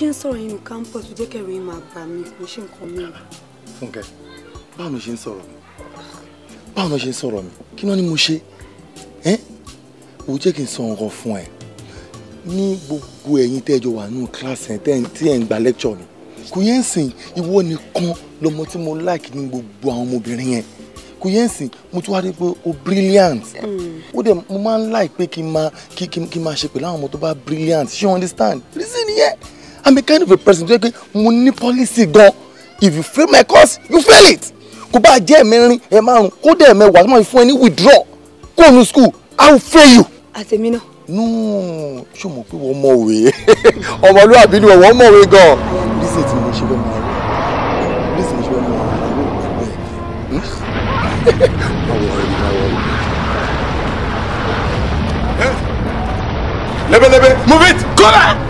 ṣe ń sọ̀rọ̀ yín ní campus tó jẹ́ kẹ̀rù yín máa bà mí kò ṣe nǹkan mi. fúnkẹ́ báwo ló ṣe ń sọ̀rọ̀ mi báwo ló ṣe ń sọ̀rọ̀ mi kí ló ní mo ṣe ẹ́ o jẹ́ kí n sọ nǹkan fún ẹ ní gbogbo ẹ̀yin tẹ́jọ wà nínú kíláàsì ẹ̀ tí ẹ̀ ń gba lẹ́kṣọ̀ ni kò yẹn sìn ìwọ nìkan lọmọ tí mo like ní gbogbo àwọn ọmọbìnrin yẹn kò yẹn sìn mo tún wá rí pé o brilliant hmm. ó dẹ̀ mo máa ń like pé kí n máa ṣe pẹ̀lú àwọn ọmọ tó bá brilliant ṣé you understand reason yẹn. Yeah i'm a kind of a person tó yẹ pé policy gan if you fail my course you fail it kò bá jẹ́ ẹ̀mẹrin ẹ̀ márùn kó dẹ̀ ẹ̀mẹwàá tó máa fún ẹ withdraw Go to school i will fail you. àtẹ̀mí náà. nù ṣó mọ̀ pé wọ́n mọ̀ wé ọmọlúwàbí ni wọ́n mọ̀ wé gan. lísè tí mo ṣe fẹ́ máa rò lísè mo ṣe fẹ́ máa rò ẹgbẹ́ ẹ̀ ọwọ́ rẹ̀ ní ọwọ́ rẹ̀. lẹ́bẹ̀lẹ́bẹ̀ move it go back.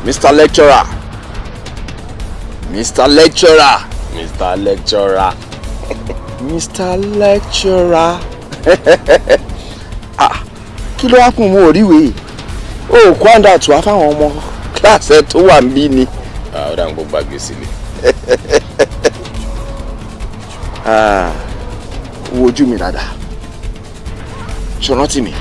Mr. Lecturer. Mr. Lecturer. Mr. Lecturer. Mr. Lecturer. ah, kí ló wá kún mo ò ríwèé? O ò kó àǹdà tó wá fáwọn ọmọ kíláàsì tó wà níbí ni. Ah, Ọ̀dà ń gbogbo àgbè sílẹ̀. Ah, wo ojú mi dáadáa. Ṣọ̀rántì mi.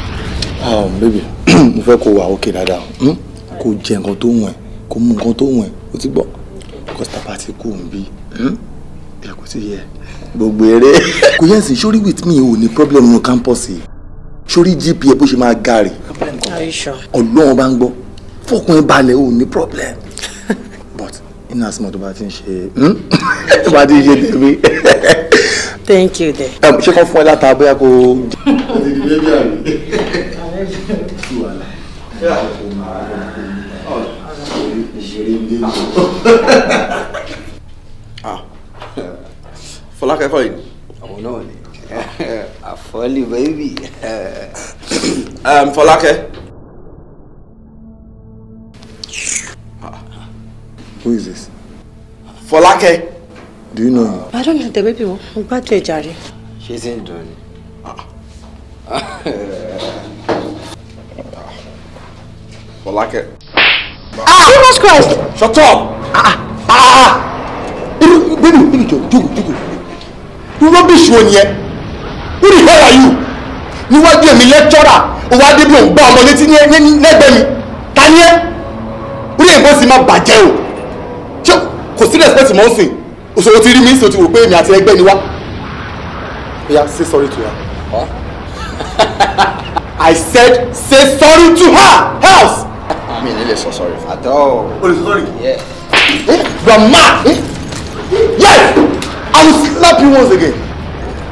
Um, Bébì, mo fẹ́ kó wà ókè dáadáa. Hmm? kó jẹ nǹkan tó wọ̀n ẹ̀ kó mú nǹkan tó wọ̀n ẹ̀ ó ti gbọ́ kọ́sítà bá ti kú bí hmm? ẹ kò sí yẹ gbogbo eré. kò yẹ sí sórí with me ò ní problem nínú campus yìí sórí GPA bó ṣe máa ga rè ọlọ́run bá ń gbọ́ fọkàn ẹ balẹ̀ ò ní problem but inú àsìmọ̀ tó bá ti ń ṣe hmm? tó bá ti ń ṣe débi. thank you de. ṣé kàn fún ẹ látà bóyá kò. àti lọ. Ah. fọlákẹ́ fọyín. àwọn náà ni àfọlì bẹ́ẹ̀bì. Um, fọlákẹ́. Ah. who is this. fọlákẹ́. do you know him. I don't know the baby o mo gbádùn ẹ̀ jàre. ṣé ṣe ń dùn ni. Ah. fọlákẹ́. Jesus Christ. Shut up. Ah ah. ah. Baby, baby, bíbí jò jùgù You Rubbish wo ni ẹ? Who the hell are you? Níwájú èmi lẹ́tọ́rà, òwò Adébí ò ń gbá ọmọ létí lẹ́gbẹ̀ẹ́ mi. Ta ni ẹ? Orí èkó sì máa bàjẹ́ o. Ṣé kò sí respect So what Òṣòro ti rí mi sòtì wò pé èmi àti ẹgbẹ́ ni wá. Oya say sorry to her. Huh? I said say sorry to her. House. Ah, mi ní lè sọ sọrí fún àtọ. olùsọ̀rì. you are mad. Eh. yes i will slap you once again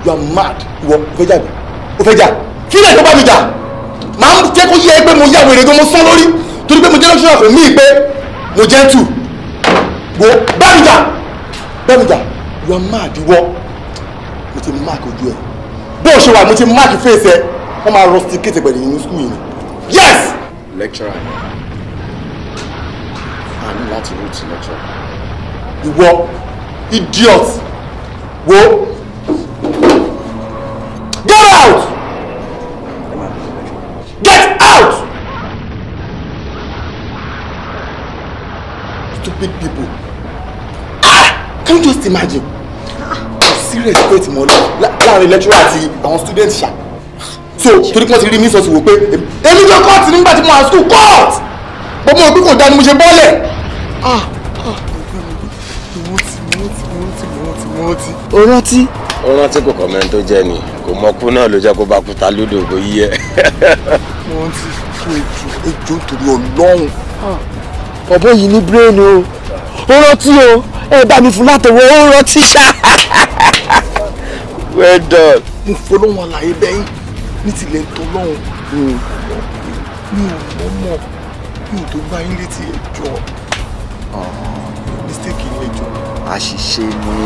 you are mad ìwọ o fẹ́ jà mi o fẹ́ jà kílẹ̀ tó bá mi jà màá jẹ́ kó yẹ pé mo yá wèrè gan mo sán lórí torí pé mo jẹ́ lọ́sọ̀rọ̀ fún mi pé mo jẹ́ tù wo bá mi jà bá mi jà you are mad ìwọ mo ti mark ojú ẹ bó o ṣe wà mo ti mark face ẹ wọ́n máa rusticate pẹ̀lú inú school yìí yes lecturer a ní láti root lecturer ìwọ idiot wo get out get out stupid people ah can you just imagine ah. serious debate mọ́ láàrin lecturer àti àwọn students ṣáà so torí kí wọ́n ti rí mi sọ̀sùn wò pé èmi jọ kóòtù nígbà tí mo wà school court mo mọ̀ pé kò dá ni mo ṣe bọ́ọ̀lẹ̀. o ah, ah. rántí. o rántí kò kọ́mẹ́ tó jẹ́ ni kò mọ̀kú náà ló jẹ́ kó bá kúta lódò kó yí ẹ. mo ti fún ejò ejò torí ọlọ́run ah, ọ̀bọ yìí ní brain o ó rántí o ẹ bá mi fún látọwọ́ ó rántí ṣá. well done. mo fọlọ́wọ́n àlàyé bẹ́yìn ní tilẹ̀ ń tọ́lọ́hún mi ò mọ̀ mi ò mọ̀ mọ̀ mi ò tó gbá yín létí ẹjọ́ ah. mistake ni ẹjọ́. àṣìṣe ni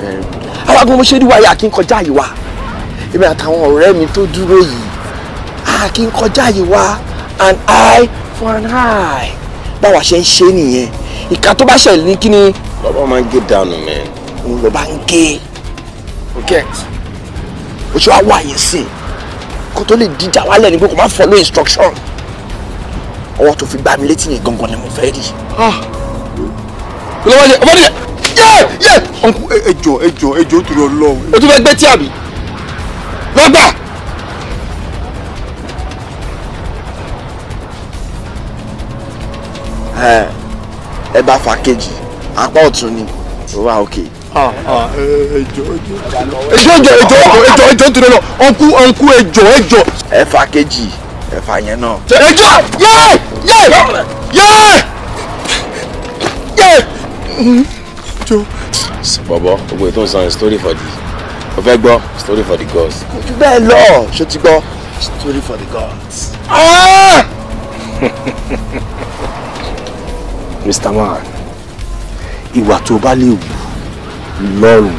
bẹ́ẹ̀ ni. àwọn agbọ̀n mo ṣe rí wáyà kí n kọjá yìí wá èmi àtàwọn ọ̀rẹ́ mi tó dúró yìí a kì í kọjá yìí wá an eye for an eye báwa ṣe ń ṣe nìyẹn ìka tó bá ṣẹlẹ̀ ní kí ni. máa ń gé dànù mẹ́. òun ló ń gé o get wà yín sìn nǹkan tó lè dìjà wálẹ̀ ni pé kò má follow instruction ọwọ́ tó fi gbá mi létí yẹn gangan ni mo fẹ́ rí. ọlọ́wọ́ ah. yẹ ọmọ nìyẹn yẹ yẹ. ọ̀nkú ẹjọ ẹjọ ẹjọ ó tún lọ. o tún fẹ́ gbé tí àbí lọ́gbà. ẹ bá fa kejì apá ọ̀tún ni ó wà òkè. Okay ẹjọ ẹjọ ẹjọ ẹjọ ẹjọ tó lọ ọkú ọkú ẹjọ ẹjọ. ẹ̀fà kejì ẹ̀fà yẹn náà. ẹjọ yẹ yẹ yẹ yẹ. bọ̀bọ̀ gbogbo ètò ìsan is story for the o fẹ́ gbọ́ story for the gods. bẹ́ẹ̀ lọ ṣó ti gbọ́ story for the gods. Ah! Mr. Man ìwà tó bá lè wù lọ́rùn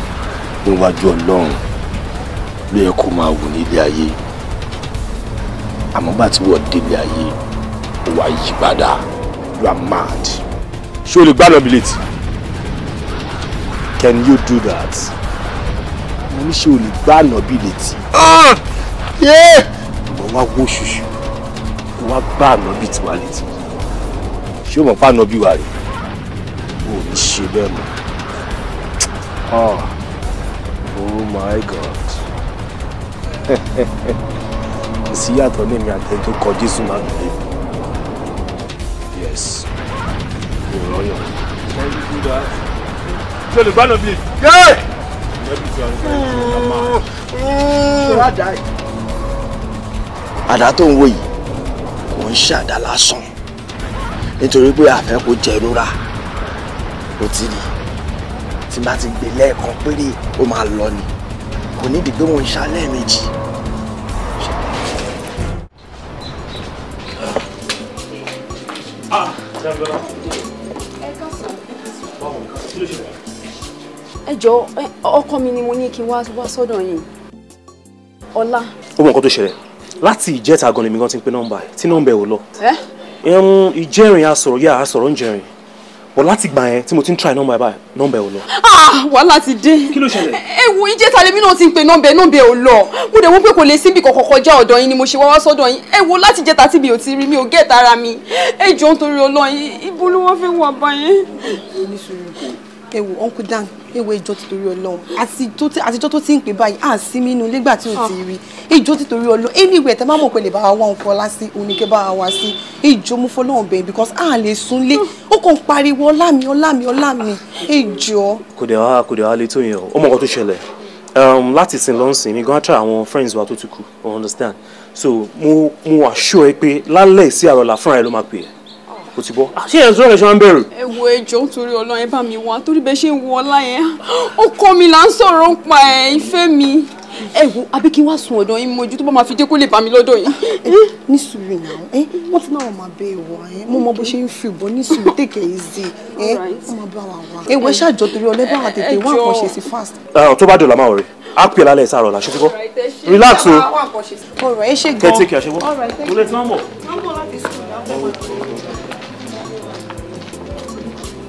níwájú ọlọ́run ló yẹ kó máa wù nílé ayé àmọ́ bá ti wọ̀ délé ayé ó wá yí padà you are mad ṣé o lè gbádùn mi létí can you do that mo ní ṣé o lè gbádùn mi létí ah! mo wá wó ṣùṣù mo wá gbá àná bíi tiwa létí ṣé o mọ̀ pa àná bíi wa rè o ò ní ṣe bẹ́ẹ̀ mọ́. Oh, oh my God. Ìsíyàtọ̀ ní mi àtẹ tó kọ Jésù máa gbé. Yes, ìrọ̀yọ̀. Ṣé olùgbà náà bí? Yé! Àdá tó ń wò yìí kò ń ṣàdá lásán nítorí pé àfẹ́ kò jẹ́ ìrora kò tí ì rí tí n bá ti gbé lẹ́ẹ̀kan péré ó máa lọ ni kò nídìí pé wọ́n ń ṣá lẹ́ẹ̀mejì. ẹ jọ̀ọ́ ọkọ mi ni mo ní kí n wá sọ́dọ̀ yín ọlá. ó mọ nǹkan tó ṣẹlẹ̀ láti ìjẹta gan ni mi gan ti ń pe nọ́mbà ẹ̀ tí nọ́mbà ẹ̀ ò lọ. ìjẹrin a sọ̀rọ̀ yá a sọ̀rọ̀ ń jẹrin but láti gbà yẹn tí mo ti ń try nọ́mbà ẹ̀ báyìí nọ́mbà ò lọ. ah wàhálà ti dé. kí ló ṣẹlẹ̀. ẹ wo ìjẹta lèmi náà ti ń pe nọ́mbà ẹ̀ nọ́mbà ẹ̀ ò lọ mo dẹ̀ wọ́n pé kò lè síbi kọ̀kọ̀ kọjá ọ̀dọ̀ yín ni mo ṣe wá wá sọ́dọ̀ yín ẹ wo láti jẹta tí mi ò ti rí mi ò gẹ̀ẹ́ta ara mi ẹ jọ̀ọ́ nítorí ọlọ́yin ibo ló wọ́n fẹ́ wà báyẹn ẹ wò uncle dan ẹ wò ìjọ títorí Ọlọ́run àtijọ́ tó ti ń pè báyìí à sí mi inú nígbà tí ò ti rí ìjọ títorí Ọlọ́run anywhere tẹ má mọ̀ pé lè bá wa wá nǹkan ọlá sí oníkẹ́ bá wa wá sí ìjọ mú fọlọ́run bẹ̀rẹ̀ because à lè súnlé ó kàn pariwo ọlá mi ọlá mi ọlá mi ìjọ. kò dẹ̀ wá kò dẹ̀ wá lè tó yẹn o ó mọ̀ tó ṣẹlẹ̀ um, láti sin lọ́nsìn mi gan-an àwọn friends wa tó ti kù understand so mo mo assure ẹ pé lálẹ́ ìsí àrọ̀là fúnra ẹ ló máa pè é o ti gbọ́ ah, ṣé ẹ̀ ń sọ̀rọ̀ ẹ̀ṣọ́ ń bẹ̀rù. ẹ wo ẹjọ́ nítorí Ọlọ́run ẹ bá mi wá torí bẹ́ẹ̀ ṣe ń wọ ọlá yẹn ó kọ́ mi là ń sọ̀rọ̀ ń pa ẹ̀ ìfẹ́ mi ẹ wo àbí kí n wá sùn ọ̀dọ̀ yín mojú tó bá máa fi dé kó lè bá mi lọ́dọ̀ yín. Eh, ní sùúrù náà ẹ eh, wọ́n ti náà máa bẹ ìwọ ẹ mo mọ bó ṣe ń fi ìbọn ní sùúrù tèkè ìzì ẹ wọ́n máa bá wa wá. ewu eh, ẹ ṣàjọ torí ọlẹ́ bá wa tètè ah, wá àkànṣe sí fast. tó bá dọ̀là máa rẹ̀ á pè lálẹ́ ìsàrọ̀ là ṣùgbọ́n relax o. ọ̀rọ̀ ẹ ṣe gan-an. kẹ́tíkì àṣewọ́. ọ̀rọ̀ ẹ ṣe gan-an.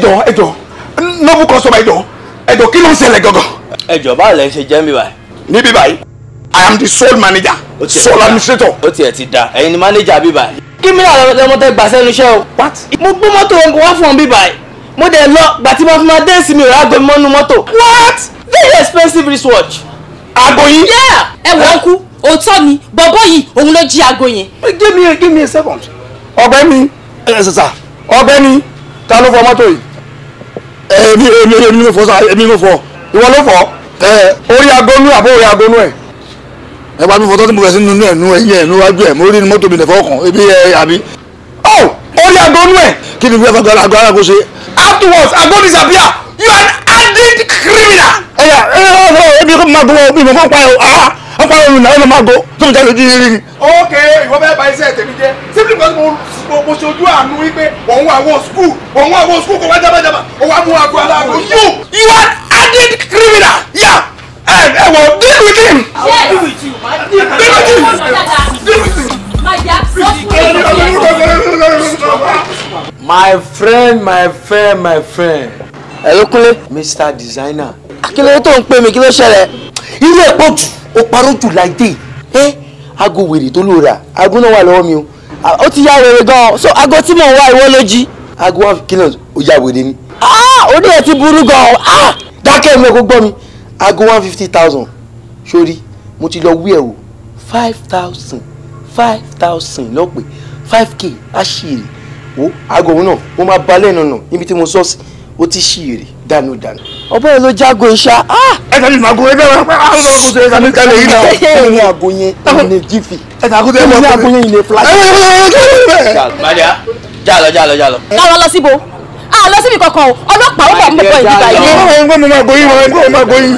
ẹjọ ẹjọ nọbù kan sọba ẹjọ ẹjọ kí ló ń ṣẹlẹ̀ gangan. ẹjọ báwo lẹ ń ṣe jẹ́ ń bíbáyìí. ní bíbáyìí i am the sole manager sole administrator. ó tiẹ̀ ti da ẹ̀yin ni manager bíbáyìí. kí mi náà lọ́mọ tẹ gbà sẹ́nu iṣẹ́ o. what. mo gbé mọ́tò wá fún ọ bíbáyìí mo dẹ̀ lọ gbà tí mo fi máa dẹ́sí mi ò rà gbẹmí mọ́tò. what. very expensive wristwatch. aago yín. yeah ẹ wọ́n kú òótọ́ ni bọ́bọ́ yìí òun ló jí aago yẹn. give me a give me a second. ọ̀gbẹ́ni ọ̀gbẹ́ni ta ló fọ mọ́tò yìí èmi èmi èmi ni fọ sáà èmi ni fọ ìwọ ló fọ ẹ orí agonu àbó orí agonu ẹ ẹ bá mi fọ tọ́tí mo fẹ́ sí nínú ẹ̀nu ẹ̀yìn ẹ̀nu wájú ẹ̀ mo rí ni mọ́tò mi nẹ̀fọ́ kan ebi ẹ àbí ọ orí agonu ẹ kí ni fífẹ́ fẹ́ agbára ago ṣe afterwards ago disappear you are an hardened criminal. ẹ yà ẹ ẹ ọ ebi kò máa gbowó ìmọ̀ fún pààyàn ah wọ́n pààyàn olùnà ẹ̀ máa gbó tó ń jẹ́ lójú yìí. ok ìwọ bẹ́ẹ̀ bá iṣẹ́ mo ṣojú àánú wípé òun àwọn skul òun àwọn skul kò wá jábàjábà òun àmú àgọ aláàgọ you you are added criminal yeah ẹ ẹ wọ deal with him. deal with him deal with him. my friend my friend my friend. ẹ ló kúnlé. mr designer. akílẹ̀ tó ń pè mí kí ló ṣẹlẹ̀. ilé ẹ̀pọ̀ jù ó parọ́ jù láì dé ẹ́ eh? aago wèrè tó lò rà aago náà wà lọ́wọ́ mi o. Ah, ó ti ya wèrè gan so aago tí mò ń wá ìwọ ló jí. aago one kìlọ̀ ó ya wèrè ni. Ah, ó ní ẹ̀ ti burú gan ah! dákẹ́ mi kò gbọ́ mi aago one fifty thousand sórí mo ti lọ wí ẹ̀ o five thousand five thousand lọ́pẹ́ five k á ṣì èrè o aago òun náà mo máa balẹ̀ nànà níbi tí mo sọ́ọ̀sì ó ti ṣì èrè dànù dànù. ọbẹ̀ ló jágo iṣá. ẹ tẹ̀lé ìmọ̀ àgọ́ ẹgbẹ́ wọn á lọ kó ṣe ìsàmì tẹ́lẹ̀ yìí náà. ẹ ní àgọ́ yẹn ìní jífì. ẹ ní àgọ́ yẹn ìní fúláṣí. màdìá já lọ já lọ já lọ. ká lọ lọ síbo a lọ síbi kankan o ó bọ̀ mọ́ bọ̀ ìdíbà yìí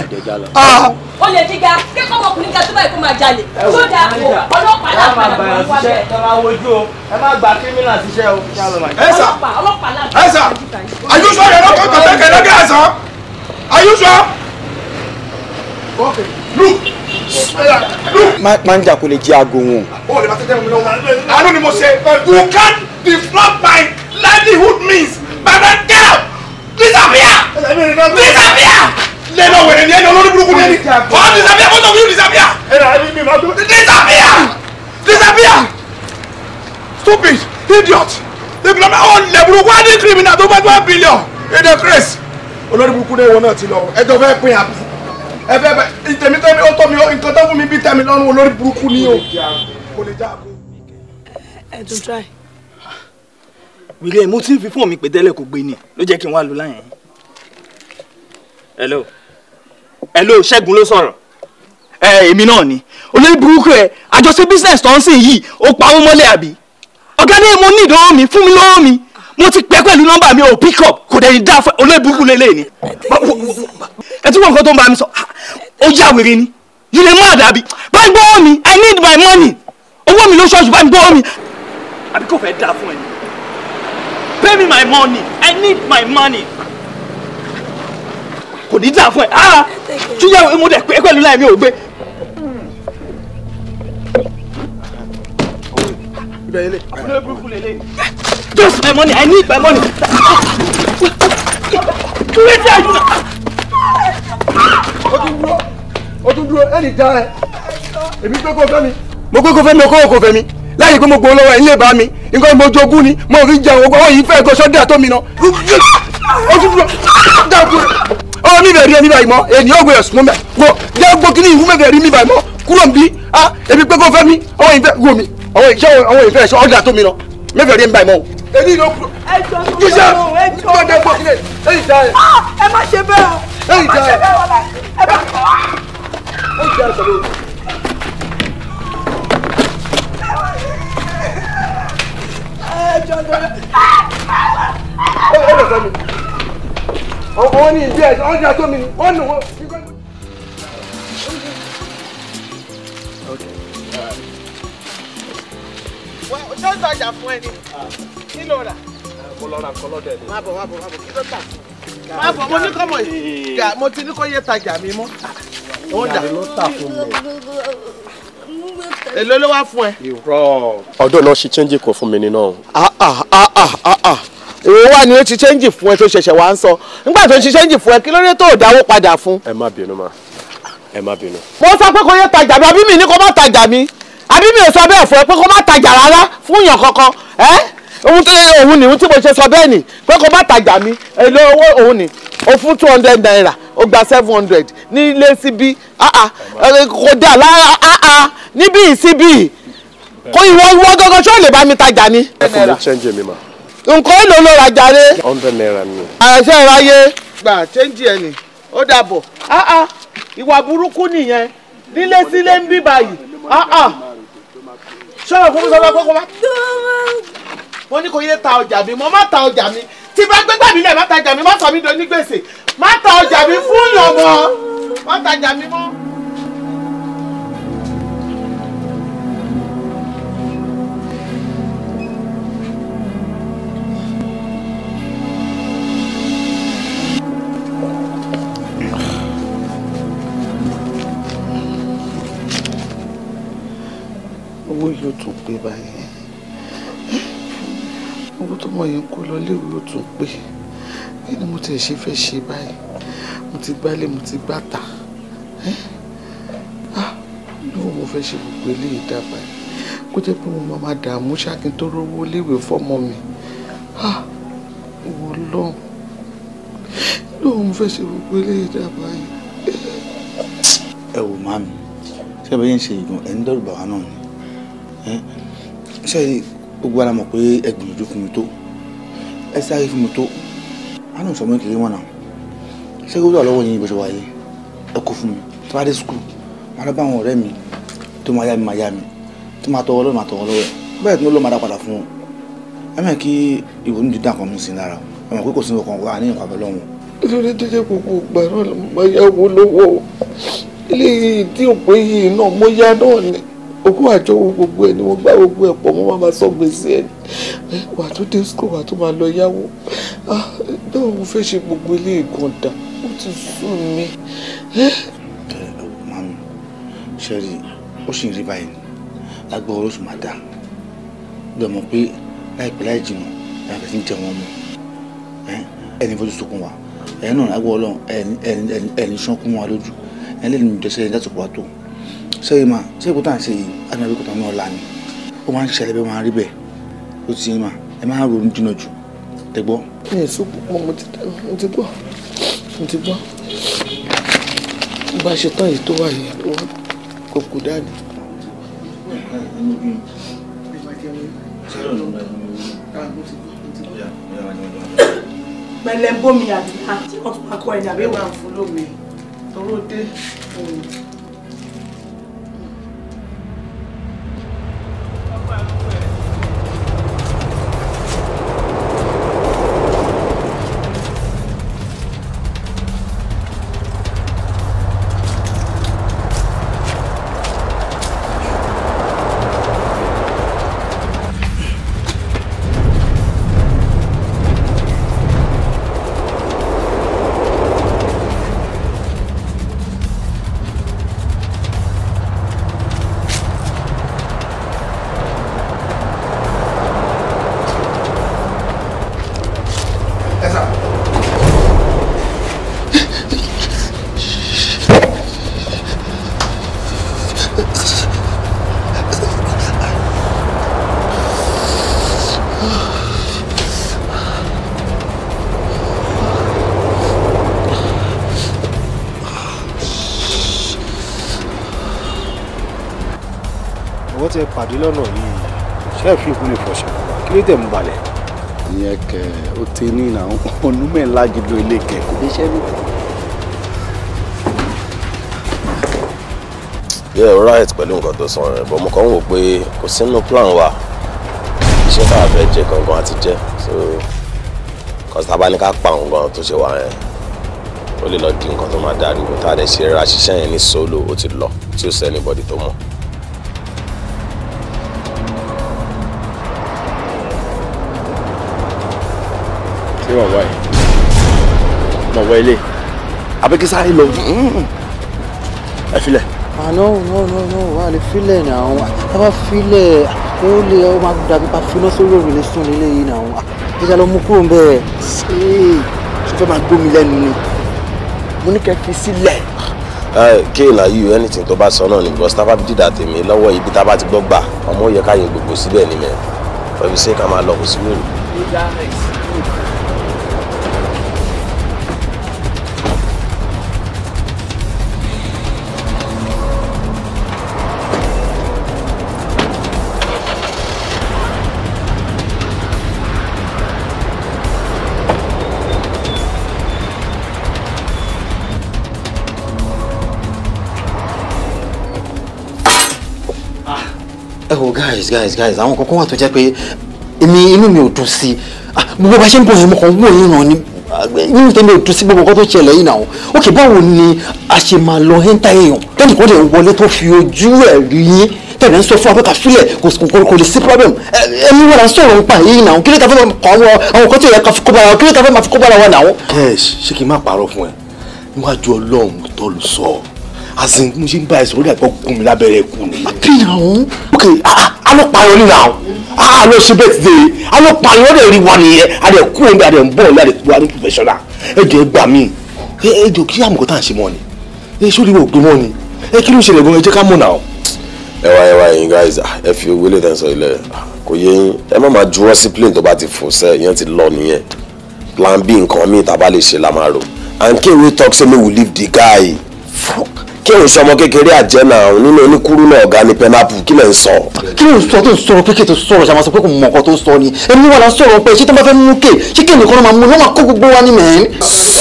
o lè fi ga kékọ́ ọmọkùnrin ga tó báyìí kó máa jalè tó dáa kó ọlọ́pàá láàpàá làwọn wá bẹ́ẹ̀. ẹ má wojú o ẹ má gba kírímìnà síṣẹ́ o. ẹ sà àyùsọ yẹn lọkọ kọtẹ kẹlẹ bí àṣà àyùsọ. máa ń jà kó lè jí aago wọn. àánú ni mo ṣe you can defraud my livelihood means by that girl disappear disappear. lẹ́nu wẹ̀rẹ̀ ni ẹni olórí burúkú ni. All disappear. Both of you disappear. Disappear. Disappear. Stupid. Idiot. They blame all level one criminal Do bá tó one billion. In the grace. Olórí burúkú dé wọn náà ti lọ. Ẹ jọ fẹ́ pín àbí. Ẹ fẹ́ bẹ ìtẹ̀mí tẹ́mi ó tọ́ mi ó nǹkan tó fún mi bí tẹ́mi lọ́rùn olórí burúkú ni o. Kò lè já àgbo. Ẹ tún try. Wílé mo ti fi fóònù mi pè tẹ́lẹ̀ kò gbé ni ló jẹ́ kí n wá lu láyẹn. Hello ẹ ló ṣẹ́gun ló sọ̀rọ̀. ẹ èmi náà ni olórí burúkú ẹ àjọṣe business tó ń sìn yìí ó pa owó mọ́lẹ̀ àbí ọ̀gá ni mo ní ìdánwò mi fún mi lọ́wọ́ mi mo ti pẹ́ pẹ̀lú nọ́mbà mi ò pick up kò dẹ̀ ní dá olórí burúkú lélẹ̀ ni. ẹ tún wọ nǹkan tó ń bá mi sọ ó yà wèrè ni you dey mad àbí báyìí gbọ́ mi i need my money owó mi ló ṣọ́ọ̀ṣì báyìí gbọ́ mi àbí kò fẹ́ dá fún ẹ ni pay me my money i need my money kò ní dà fún ẹ ah ṣíyá mo dẹ̀ pé pẹ̀lú láì mi ò gbé. just my money I need my money. Wait tún dúró ó tún dúró ẹnì dá ẹ èmi pé kò fẹ́ mi. mo pé kò fẹ́ mi okòwò kò fẹ́ mi láyé pé mo gbowó lọ́wọ́ ẹ̀ ń lè bá mi nǹkan mo jogún ni mo rí jẹun owó yìí fẹ́ gọ́sọ́dẹ̀ àtọ́mi náà ó tún dúró dáàbò ọ mi bẹ rí ẹni báyìí mọ èyí ó gbé ẹsùn mẹ wo jẹ gbó kí ni ìwú mẹfẹ rí mi báyìí mọ kúrò nbí a ebi pé kó fẹ mi ọwọ ìfẹ wo mi ọwọ ìfẹ ọwọ ìfẹ ẹsọ ọjà tó mi lọ mẹfẹ rí mi báyìí mọ o. èyí ló kúrò jíjẹ nígbà tẹ gbọ kílẹ èyí dá ẹ. ẹ má ṣe bẹ́ẹ̀ o ẹ má ṣe bẹ́ẹ̀ wọlé ẹ bá kọ́ ẹ jọ̀ọ́ ọkọ ní ìdí ẹ ọjà tó mi wọn nù wọn. ṣé ó tọjà fún ẹ ni kí ló rà. mo lọ ra nǹkan lọ́dọ̀ ẹ̀ ni. má bọ̀ má bọ̀ má bọ̀ kí ló tà. má bọ̀ mo ní kọ́ mọ̀ yìí mo ti ní kó yé tajà mi mọ́. ó dà ló wá fún ẹ. irọ́ náà ṣe chẹ́ńjì kan fún mi nínú èwo wà ní ó ti ṣẹ́ǹjì fún ẹ tó ṣẹ̀ṣẹ̀ wá ń sọ nígbà tó ti ṣẹ́ǹjì fún ẹ kí ló dé tó dáwó padà fún. ẹ má bínú ma ẹ má bínú. mo sọ pé kò yẹ tajà mi àbí mi ní kò má tajà mi àbí mi ò sọ bẹ́ẹ̀ fún ẹ pé kò má tajà rárá fún yàn kankan ẹ ohun tó òun ni ohun tí mo ṣe sọ bẹ́ẹ̀ ni pé kò má tajà mi èlò owó òun ni o fún two hundred naira o gba seven hundred ní ilé síbí ah, ah, kò dà lára ah, níbí síbí kò ìwọ ìwọ gangan ṣó lè bá mi tajà ni. ẹ fún mi change mi ma nǹkan èlò ló ra jàre. hundred naira ni. àṣẹ ìráyé. gbà chẹ́ńjì ẹ̀ ni ó dàbọ̀ ah, ah. ìwà burúkú nìyẹn nílé sílé ń bí báyìí ah, ṣọ́ọ̀rọ̀ fún mi sọ́dọ̀ kókó wa. wọ́n ní kò yé ta ọjà mi mo má ta ọjà mi tí bá gbégbá mi lẹ̀ má ta ọjà mi má sọ mi dọ́ ní gbèsè má ta ọjà mi fún yàn mọ́ má ta ọjà mi mọ́. dé báyìí owó tó mọ̀ yẹn kó lọ léwu yóò tún pé kí ni mo tiẹ̀ ṣe fẹ́ ṣe báyìí mo ti gbálé mo ti gbàtà ah! lówó mo fẹ́ ṣe gbogbo eléyìí dábàá kó jẹ́ pé mo máa dààmú ṣáàkín tó rówó léwèé fọ́mọ mi ah! wò lọ́n lówó mo fẹ́ ṣe gbogbo eléyìí dábàá yìí. ẹ wò má mi ṣé bẹ́ẹ̀ ń ṣe ìdùn ẹ̀ ń dọ́rùbà wa náà ni ṣe gbogbo ara mọ̀ pé ẹgbìyànjú fún mi tó ẹ sáré fún mi tó á lóun sọ mọ́ kiri mọ́ náà ṣé kí ó wà lọ́wọ́ yín bó ṣe wáyé ẹ kó fún mi tó bá dé skul máa lọ bá àwọn ọ̀rẹ́ mi tó máa yá mi máa yá mi tó máa tọwọ́ lọ́wọ́ máa tọwọ́ lọ́wọ́ bẹ́ẹ̀ tí ó lọ máa dá padà fún wọn ẹ mọ̀ kí ìrònú dídá kan mú sí i lára ẹ mọ̀ pé kò sí nǹkan wà ní nǹkan abẹ́lẹ́ wọn. dídé gbogbo ìgbà náà mo yá owó lọ́wọ́ ilé tí ò péye náà mo yá náà ni ogún àjọ gbogbo ẹ ni mo gbá gbogbo ẹ pọ̀ mo máa máa sọ gbèsè ẹ ni wà tó dé school wà tó máa lọ yáwó ah, báwo mo fẹ́ ṣe gbogbo ilé ìgàndà ó ti sú mi. ẹ ẹ mami sẹ́rí ó sì ń rí báyìí ni lágbó oṣù máa dá bí ọmọ pé láìpẹ́ láì jìnnà ẹ̀yà kẹ́sì ń jẹ wọn mọ́ ẹni fojú sunkún wa ẹ̀yìn náà lágbó ẹni ẹni ẹni sunkún wa lójú ẹni lè nu ìjọsẹ́ ẹni láti pọ̀ wá sẹ́yìn ma ṣé èkó tà ń ṣe yìí àdínàbí kò tán ní ọ̀la ni ó máa ń ṣẹlẹ̀ bẹ́ẹ̀ máa rí bẹ́ẹ̀ ó ti yín ma ẹ máa ń ronú jìnnà jù tẹ́gbọ́. mi ò sùn pọ̀ mo ti dáná mo ti gbọ́ mo ti gbọ́ bá a ṣe tán yìí tó wà yìí tó wà kò kù dání. pẹ̀lẹ́ bómi àti àti ọtún akọ ẹ̀dá bí wàá fún lómi tọrọ dé òun. pàdé lọ́nà yìí ṣẹ́ẹ̀fì kú lè fọṣẹ kí ló tẹ̀ ń balẹ̀. ìyẹn kẹ ó ti ní àwọn onúmẹ̀ńlá jùlọ ilé kẹ kò ní ṣẹ́ nípa. yeah right pẹ̀lú nǹkan tó sọ rẹ̀ bọ́ mo kàn ń wò pé kò sínú plan wa iṣẹ́ tá a fẹ́ jẹ gangan àti jẹ so kọ́sítà bá ní ká pa òun gan tó ṣe wà yẹn ó lè lọ di nǹkan tó máa dárí wò tá a lè ṣe ra ṣiṣẹ́ yẹn ní solo ó ti lọ tí ó sẹ́ni bọ́dì tó mọ̀. ní màmá ẹ̀ màmá ilé àbẹ́kí sáré lọ hmm. ẹ filẹ̀. Ah no no no no wà lè filẹ̀ náà wà bá filẹ̀ ó lè ó máa dàbí pa finá sórí òrùlé sùn nílé na? náà wà ìjà lọ mú kúrò ń bẹ́ẹ̀ ṣé ṣe fẹ́ máa gbómi lẹ́nu ni mo ní kẹ́ fi sílẹ̀ ah, eh, kéèlà you anything tó bá sọ náà ni because tá a bá dìdà tèmi lọ́wọ́ ibi tá a bá ti gbọ́ gbà ọmọ yẹ ká gbogbo síbẹ̀ ni mẹ́ ọ̀bí sẹ́ ká máa lọ kó síbẹ̀ ni. no guys guys guys àwọn kankan wà tó jẹ́ pé èmi inú mi ò dùn sí i ah, gbogbo bá ṣe ń bọ̀ yẹn mo kàn wò yín ràn ní ah, inú tèmi ò dùn sí gbogbo nǹkan tó ṣẹlẹ̀ yìí náà ok báwo ni a ṣe máa lọ ẹ́ńtà èèyàn tẹ́lẹ̀ kọ́ dẹ̀ wọlé tó fi ojú ẹ̀ rí yín tẹ̀lé ń sọ fún abẹ́ka fílẹ̀ kò lè sí problem ẹni wọn là ń sọ̀rọ̀ nípa yìí náà kí ló ta fẹ́ máa kọ́ àwọn àwọn kan tó yẹ ká fi kó bára wa kí ló ta fẹ́ máa fi kó bára asin mo ṣe ń bá ẹ sọ̀rọ̀ dàgbọ́ gun mi lábẹ́rẹ́ kù ni. àpìyàn ọ̀hún. ok alọ́pàáyọ ah, ah, nínú àwọn alọ́ ah, ṣe bẹ́ẹ̀ ti dé alọ́pàáyọ rẹ̀ rí wa nìyẹn adẹ̀ kú omi adẹ̀ ń bọ̀ ní adẹ̀ wa ní professional ẹ̀jọ̀ ẹ gbà mí ẹ̀jọ̀ kí àmọ̀kọ́ tá à ń ṣe mọ́ ni ẹ̀ sórí wo gbé mọ́ ni ẹ̀ kí ló ń ṣẹlẹ̀ gan ẹ jẹ́ ká mọ̀ náà. ẹ wá ẹ wá yín guys ẹ fi owó ilé tẹ̀sán ilẹ̀ kò yẹ yín ẹ má máa juwọ́ sí plane tó bá ti fò sẹ́ ìyẹn ti lọ nìyẹn plan b nǹkan míì tá a bá lè ṣe la máa rò and kéwé talk say make we leave the guy. fuck kí n sọmọ kékeré àjẹnà ọ̀hún nínú oníkúrú náà ọ̀gá ni pẹ́nápù kí lè ń sọ. kí ló ń sọ tó ń sọ̀rọ̀ kékeré tó sọ̀rọ̀ ṣàmásọ pé kò mọ ọkọ tó sọ ni èmi wà láti sọ̀rọ̀ pé ṣé tó bá fẹ́ mú kè ṣé kí nìkan máa mú lọ́mọ kó gbogbo wa ní mẹ́rin.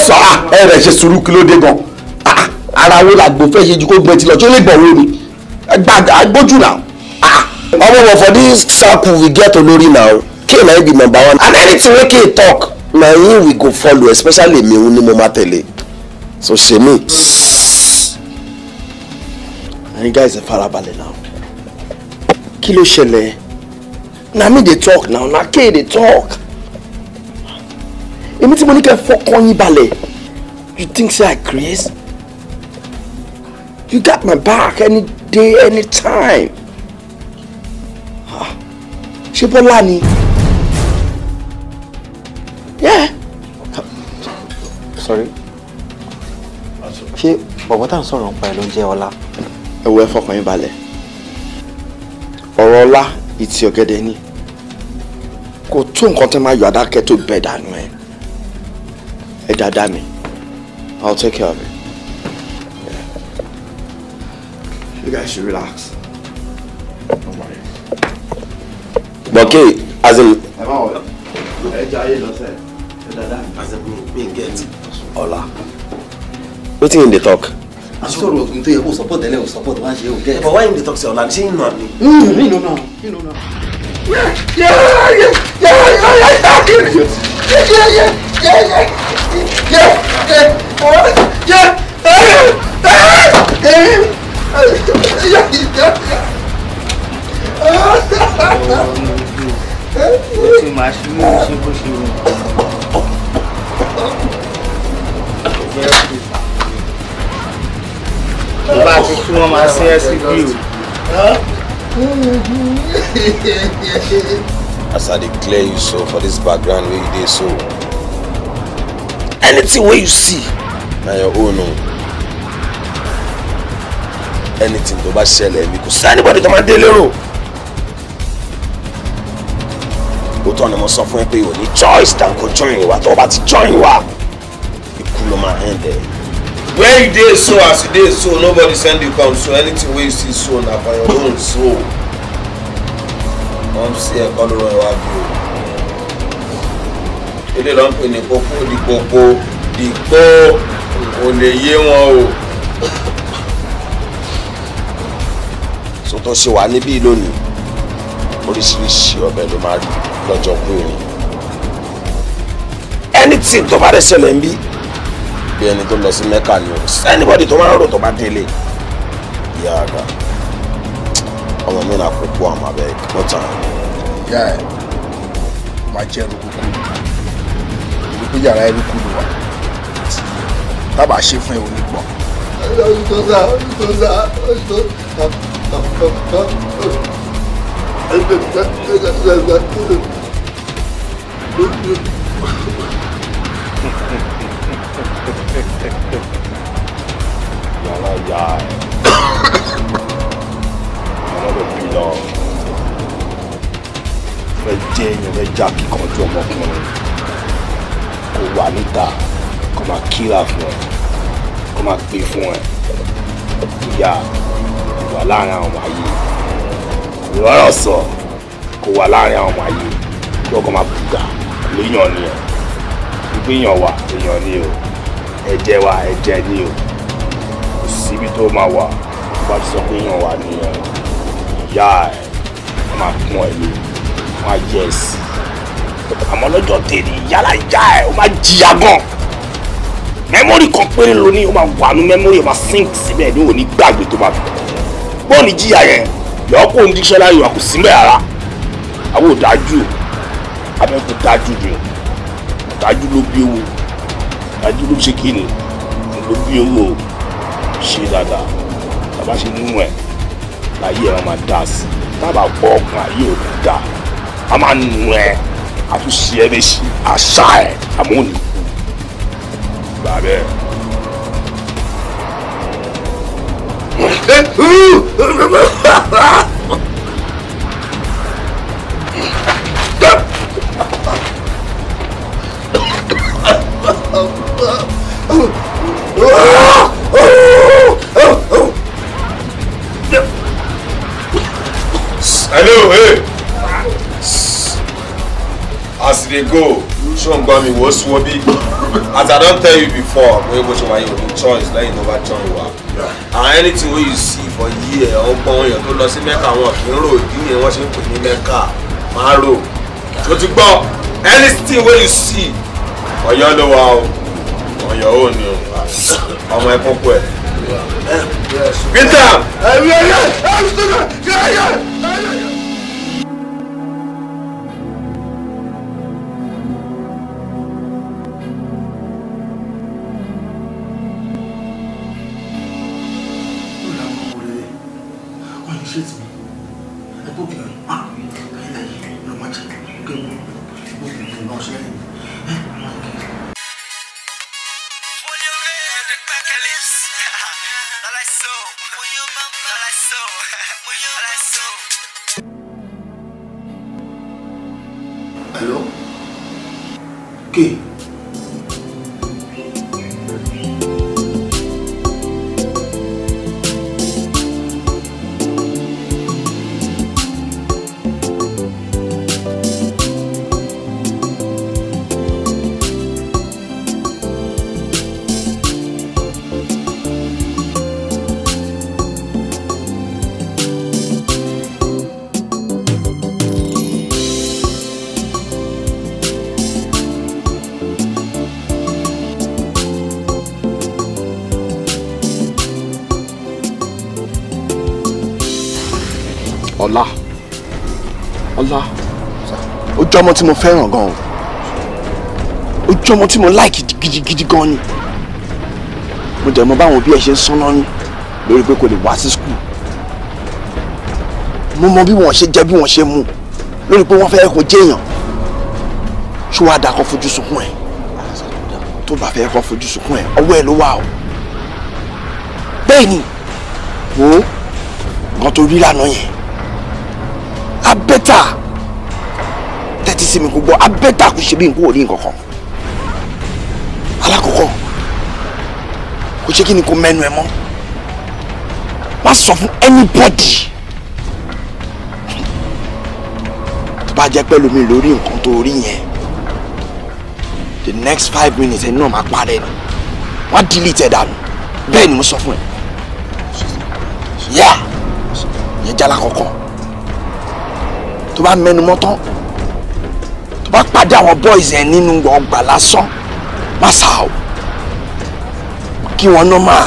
sọ a ah, ẹ rẹ ṣe sùúrù kí ló dé gan ah, ah, ara wo la gbọ́ fẹ́ ṣe ju kó gbẹ tilọ̀ tí ó lè gbọ̀ wo ni agbójú náà. ọmọ wọn for this circle we get olórí now kí na be number one and anything wey kí talk na him we go follow especially mi ni mo ma tẹ̀lé so ṣe mi. You guys ẹ farabalẹ̀ now Kilo ló ṣẹlẹ̀ na me dey talk now na K they talk èmi tí mo ní kẹ́ fọkàn yín balẹ̀ you think say I crazy? you got my back any day any time ah, ṣé Bọ́lá Yeah. Sorry. ṣé bọ̀bọ̀ tá à ń sọ̀rọ̀ ń ẹ wo ẹ fọkàn yín balẹ̀ ọ̀rọ̀ ọlá ìtì ọ̀gẹ̀dẹ̀ ni kò tó nǹkan tẹ́ máa yọ adákẹ́ tó bẹ̀ dànù ẹ ẹ dáadáa mi I'll take care of it. You guys should relax. Bọ̀kì Azil. Ẹ as wọ̀ ẹ jẹ́ ayé lọ́sẹ̀ ẹ dáadáa. you dey talk? àṣọrò tó yẹ kó sọpọ tẹ́lẹ̀ ò sọpọ tó máa ṣe ò gẹ. but why you dey talk say ọ̀la ṣé nù àmì. nínú náà nínú náà. ó ti máa ṣe mú ṣe bó ṣe wù tó bá ti kú wọn máa sí ẹsí bí o. as i dey clear you so for this background wey you dey so anything wey you see na your own o anything tó bá ṣẹlẹ̀ mi kò sí anybody tó máa dé lérò òótọ́ ni mo sọ fún ẹ pé o ní choice than kò join wa tó o bá ti join wa ikú ló máa end ẹ̀ where you dey so as you dey so nobody send you come so anything wey you see so na for your own so mom sí ẹ kọ́ ló rán ìwà bí o ilé ló ń pè ní kókó di gbogbo dìgbò ò lè yé wọn o. sọ́tọ̀ ṣe wà níbí lónìí oríṣiríṣi ọbẹ̀ ló máa lọ́jọ́ pé o ní anything tó bá dẹ̀ ṣẹlẹ̀ ń bí pé ẹni tó lọ sí mẹ́kà ni o anybody tó máa ń rò tó bá délé ìyá àgbà ọmọ mi náà kó kó àmọ́ abẹ́ wọ́n tàn án. ìyá ẹ máa jẹ́ ẹrú kúkú ìlú pé yàrá ẹrú kúrò wá tábà ṣe fún ẹ onígbọ̀n. olùtò sá olùtò sá Y'all are y'all. Y'all are the long. Fẹ́ jẹ́ èèyàn fẹ́ já kíkan ju ọmọkùnrin. Kò wà níta, kò máa kíra fún ẹ, kò máa gbé fún ẹ. Ìyá ìwà láàrin àwọn ọmọ ayé. Ìrọ̀rọ̀ sọ, kò wà láàrin àwọn ọmọ ayé. Kí ọkọ̀ máa bùgà, lóyún ọ̀nìyàn. Ìgbéyàn wà, èèyàn ni o ẹ̀jẹ̀ wa ẹ̀jẹ̀ ni o kò síbi tó máa wà bá ti sọ pé yàn wà ní ìyá ẹ̀ wọ́n máa kún ẹ̀ ní wọ́n á jẹ́ ẹ̀sìn àmọ́ lọ́jọ́ tèmi yálà ìyá ẹ̀ ó máa jìyà gan mẹ́mórì kan péré ló ní o máa wà ní mẹ́mórì ó máa sink síbẹ̀ ní òní gbàgbé tó máa fi bọ́ọ̀lù jìyà yẹn lọ́ọ́ kó ní dictionary wa kò síbẹ̀ rárá àwọn ò dájú abẹ́kú dájú ni ò dájú ló bí owó àjùlù ṣìkìnì ló bí owó ṣe dáadáa bàbá ṣe nínú ẹ láyé ẹ máa dá sí tábà pọ ọkàn ayé ò dá a máa nù ẹ àtúnṣe ẹ méṣì àṣà ẹ àmúni bàbá ẹ. Ah! hello hey as they dey go sean me what's swobi as i don't tell you before wey bó ṣe wáyé o ní choice lẹ́yìn tó bá join wa and anything wey you see for year ọgbọ́n èèyàn tó lọ sí mẹ́ka wọn kì í rò ìdí yẹn wọ́n ṣe ń pè My mẹ́ka máa rò go. ti gbọ́ anything wey you see for ló know how on your own ni o ọmọ ẹ kúkú ẹ. Peter. ọmọ tí mo fẹ́ràn gan o ojú ọmọ tí mo like gidigidi gan ni mo dẹ̀ mọ báwọn òbí ẹ̀ ṣe ń sán lọ́rùn lórí pé kò lè wá sí skul mo mọ bí wọ́n ṣe jẹ bí wọ́n ṣe mu lórí pé wọ́n fẹ́ kó jẹ́yàn ṣé wàá dakọ̀ fojú sunkún ẹ̀ tó bá fẹ́ kọ́ fojú sunkún ẹ̀ ọwọ́ ẹ̀ ló wà o bẹ́ẹ̀ ni wo nǹkan tó rí lánàá yẹn abẹ́ta sí mi kó gbọ́ abẹ́tà kò ṣe bí n kò rí nǹkan kan alákọ̀ọ́kọ́ kò ṣe kí ni kò mẹ́nu ẹ mọ́ má sọ fún anybody tó bá jẹ́ pẹ́lú mi lórí nǹkan tó rí yẹn the next five minutes ẹni náà máa parẹ́ ni wọ́n á delete ẹ̀ dànù bẹ́ẹ̀ ni mo sọ fún ẹ yá yẹn jẹ́ alákọ̀ọ́kọ́ tó bá mẹ́nu mọ́ tán wá pàdé àwọn boys ẹ̀ nínú ọgbà lásán màsà o kí wọn normal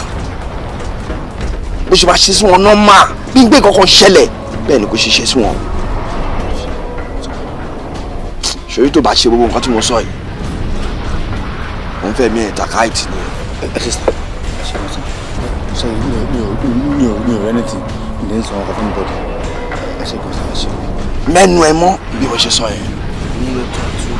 bó ṣe máa ṣe sí wọn normal bí gbé kankan ṣẹlẹ̀ bẹ́ẹ̀ ni kò ṣe ṣe sí wọn. ṣòrí tó bá ṣe gbogbo nǹkan tí mo sọ yìí mo ń fẹ́ mi ẹ̀ takaiti ni. ẹ ṣe sá ẹ ṣe sá ṣe mi ò mi ò mi ò rẹ́ni tì ní sọ ọkọ̀ fún mi bọ́dọ̀ mẹ́nu ẹ mọ́ bí mo ṣe sọ yẹn looked up to.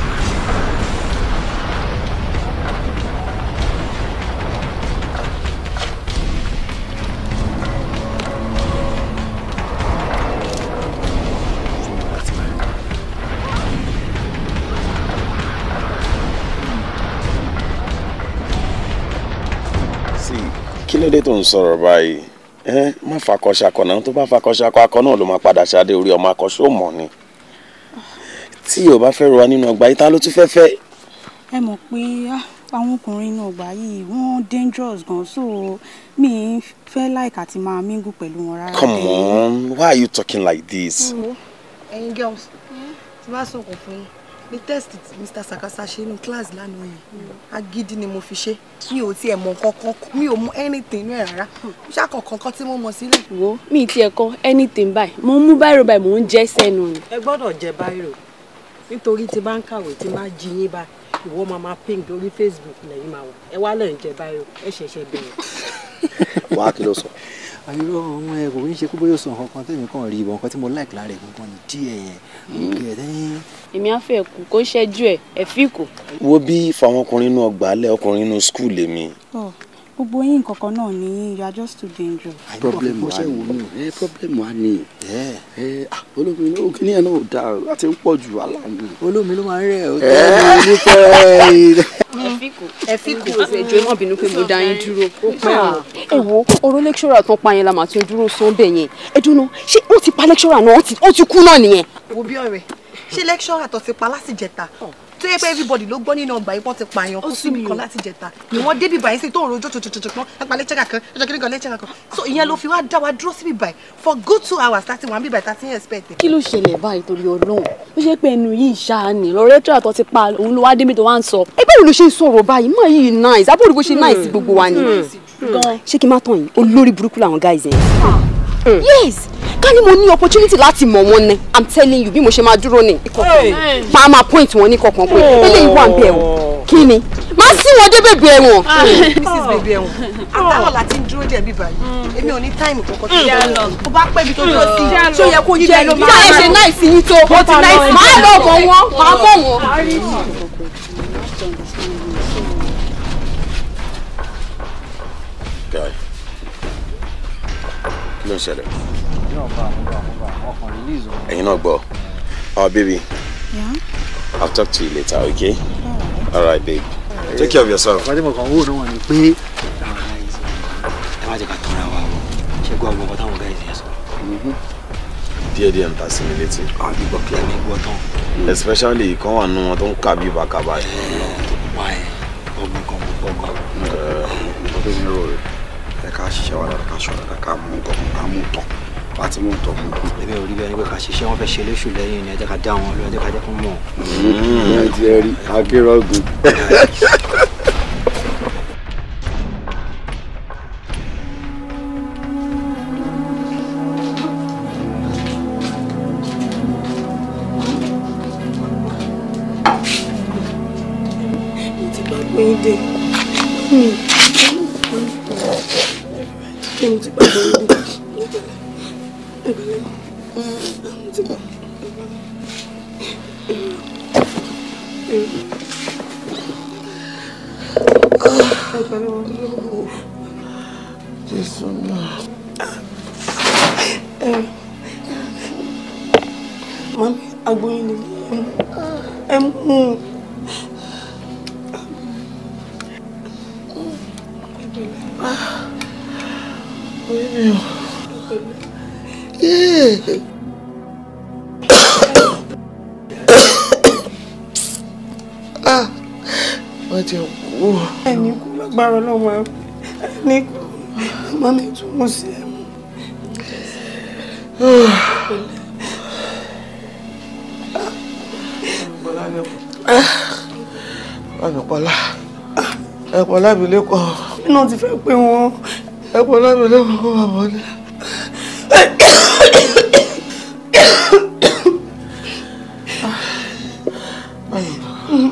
kí ló dé tó ń sọ̀rọ̀ báyìí ẹ má fakọ ṣakọ náà tó bá fakọ ṣakọ akọ náà ló máa padà ṣáde orí ọmọ akọ ṣó mọ̀ ni tí yóò bá fẹ́ rọ wa nínú ọgbà yìí ta ló tún fẹ́ fẹ́. ẹ mọ̀ pé ah, àwọn ọkùnrin inú ọgbà yìí wọ́n dangerous gan so mi fẹ́ like àti máa mingle pẹ̀lú wọn rárá. come on why are you talking like this. Hmm, ẹyin girls tí bá sọkò fún yín ní test mr sakasa ṣe inú class lánàá yìí agídí ni mo fi ṣe mi ò tiẹ̀ mọ kankan mi ò mú anything inú ẹ̀ rárá ṣàkọ kankan tí mo mọ sílẹ̀. wo mi ti ẹ̀ kọ́ anything báyìí mo mú báyìí báyìí mò ń jẹ́ sẹ́nu ni. ẹ gbọ́dọ̀ jẹ báyìí nítorí tí bá ń kàwé tí bá jí yín bá ìwọ máa máa ping lórí facebook lẹ́yìn máa wà ẹ wá lẹ́yìn jẹ báyọ̀ ẹ ṣẹ̀ṣẹ̀ bẹ̀rẹ̀. wàá kí ló sọ. àyùrọ ọmọ ẹ kò ń ṣe kó bóyá sọ nǹkan kan tẹ̀mí kan rí ìbọn kan tí mo láì lára ẹ̀ gangan ní díẹ̀ yẹn. Hmm. èmi á fẹ́ kú kó ṣẹ́jú ẹ̀ ẹ̀ fíkù. wo bí fáwọn ọkùnrin inú ọgbà alẹ́ ọkùnrin inú skul èmi gbogbo yín kankan náà ni you are just too dangerous. problem wa ni problem wa ni olómi ló kí ni ẹ náà da láti pọ̀ jù wàhálà ni. olómi ló máa ń rẹ̀ ọ́ ẹ fi kò ẹjọ́ náà bínú pé mo dá yín dúró. ẹ wo ọ̀rọ̀ lẹ́kṣọ́rà tán pa yẹn la màá tún dúró sọ́ńbẹ̀ yẹn ẹ dúró ṣé ó ti pa lẹ́kṣọ́rà náà ó ti kú náà nìyẹn. wo bí ọ̀rẹ́ ṣé lẹ́kṣọ́rà tó ti pa lásìjẹta tó yẹ pé everybody ló gbọ́ nínú ọgbà yìí wọ́n ti pààyàn kó síbi kan láti jẹta ni wọ́n débi báyìí sí tó ń rojọ́ tòtòtòtò pọ́n ẹ̀pà lẹ́tẹ̀kà kan ẹ̀jọ̀ kìnìkan lẹ́tẹ̀kà kan so ìyẹn ló fi wá dá wa dúró síbi báyìí for good two hours láti wà ń bíbáyìí láti ń expect. kí ló ṣẹlẹ̀ báyìí torí ọlọ́run ó ṣe pé ẹnu yìí ṣáà ni lọ́rẹ́ tó àtọ́ ti pa òun ló wá débi tó wá ń sọ. ẹ bẹ́ẹ̀ ló ṣe ń sọ̀rọ̀ nice abúrò bó ṣe nice gbogbo wa ni. ṣé kí n má guys yes ká ní mo ní opportunity láti mọ̀ wọn ni i'm telling you bí mo ṣe máa dúró ní ìkọ̀kan máa máa point wọn ní kọ̀ọ̀kan pé oh. eléyìí wà ń bẹ̀ o kí ni máa wọn dé bèbè ẹ̀wọ̀n. Ah. mrs hmm. bèbè ẹ̀wọ̀n oh. àtàwọn láti ń dúró jẹ̀bi báyìí hmm. èmi ò ní táìmù kankan tó hmm. yẹ lọ tó bá pẹ́ ibi tó dúró sí tí ó yẹ kó yí bẹ́ẹ̀ ló máa ń lọ. bí wọ́n ṣe náà ìsinyìí tó máa lọ mọ̀ wọn máa mọ̀ wọn. kí ló ń ṣẹlẹ̀. ẹ̀yin náà gbọ́ oh baby yeah? I'll talk to you later okay all right babe take care of yourself. ìpàdé mọ̀ kan owó náà wà ní pé ẹ má jẹ́ ká tọ́ra wa o ṣé gbọ́ ọgbọ́n kan táwọn gáyìí sọ. Mm-hmm. díẹ̀ díẹ̀ ń ta sí mi létí. àdìgbò kí ẹ ní gbọ́ tán. especially ìkan wà nù wọn tó ń kà bí bàkàbà. wáyé ọgbọ́n ká ṣiṣẹ́ wa dáadáa ká ṣọ́ dáadáa ká mú nǹkan ká mú tán láti mú nǹkan mú tán. ẹbí òrí bẹ́ẹ̀ ni pé ká ṣiṣẹ́ wọn fẹ́ ṣe léṣù lẹ́yìn ni ẹjẹ́ ká dá wọn lọ́jọ́ ká jẹ́ kó mọ̀. Mm-hmm, ẹ ti ẹ rí akérògùn. me ṣé mo ti gbà lórí mi ìbẹ̀lẹ̀ ìbẹ̀lẹ̀ mo ti gbà Jésù náà. Mami, agbo yín ni ẹ mú un. àìní kú lágbára ọlọ́run àìní kú mọ́mí tún mú sí ẹ̀ mú. Àmìpọ̀lá ẹ̀pọ̀lá mi lẹ́kọ̀ọ́. Iná ti fẹ́ pé wọn. Ẹ̀pọ̀lá mi lẹ́kọ̀ọ́ kó bàbá ní.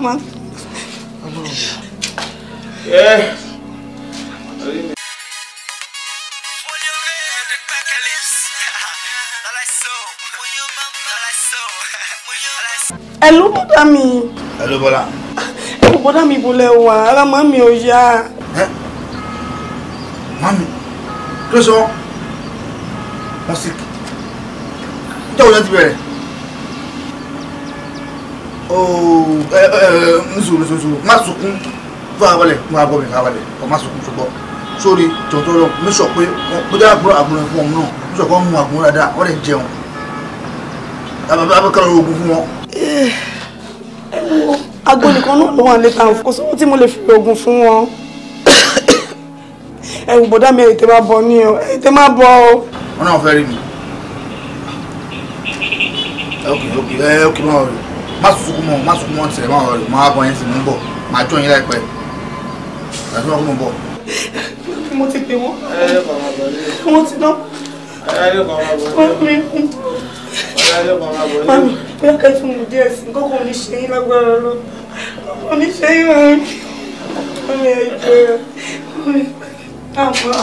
Má Eh. Hello, bọ́dá mi. Hello, Bọ́lá. Ẹ kò eh, bọ́dá mi bolẹ̀ wà, ara máa mi ò yá. Eh, Mami, kí ló sọ? Wọ́n sì kì. eh, eh, eh. bẹ̀rẹ̀. Ooo, ẹ ẹ ẹ nsòrò nsòrò, má sunkún fún àwọlẹ̀ fún àgọ́bẹ̀ àwọlẹ̀ ọmọ sọkún ṣùgbọ́n sórí tòótọ́ lọ mi sọ pé mo jẹ́ àgbọ̀rọ̀ àgbọ̀rọ̀ fún ọmọ náà mi sọ pé wọ́n mu àgbọ̀rọ̀ dáadáa wọ́n lè jẹun abẹ́kẹ́ lọ́rọ̀ ogun fún wọn. Eh, ẹ wo agbo nìkan náà ló wà ní tàn kò tí mo lè fi oògùn fún wọn ẹ wò bọ́dá mi ẹ̀ tẹ́ máa bọ̀ ni o ẹ̀ tẹ́ máa bọ̀ o. wọn náà fẹ́ rí mi ok ok ẹ ok máa rẹ má sunkún mọ́ má sunkún mọ́ tìrẹ máa rẹ máa bọ̀ yẹn sì ń bọ̀ máa jọ yín láìpẹ́ ẹ̀rọ ọmọ bọ̀. mo ti pè wọ́n. wọ́n ti dán. mami mami bóyá kẹ́ fún mi díẹ̀ sí kókò ní ṣe yín lágbára lọ kókò ní ṣe yín mami mami ẹ̀ jẹ́ mami àwọn.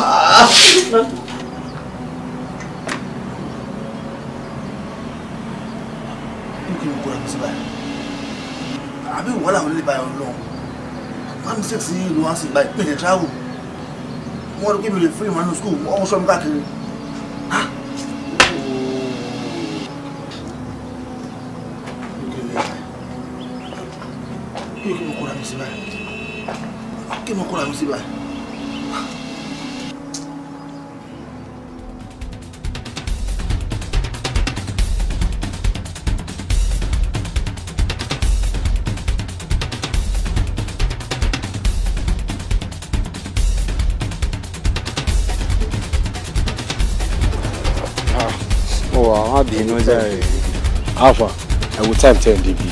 àbí wọ́n làwọn lè bá ẹ lọ́wọ́ má mi sẹ́ẹ̀sì ìlú wa sì gba ìpínlẹ̀ travel Want to give you lè free ìmọ̀ nínú school Want to show me ọmọ sọ́mi káàkiri. kí ni mo kóra mi sí báyìí kí ni mo kóra mi sí báyìí. Hey, Alpha, ẹ wo time ten débi.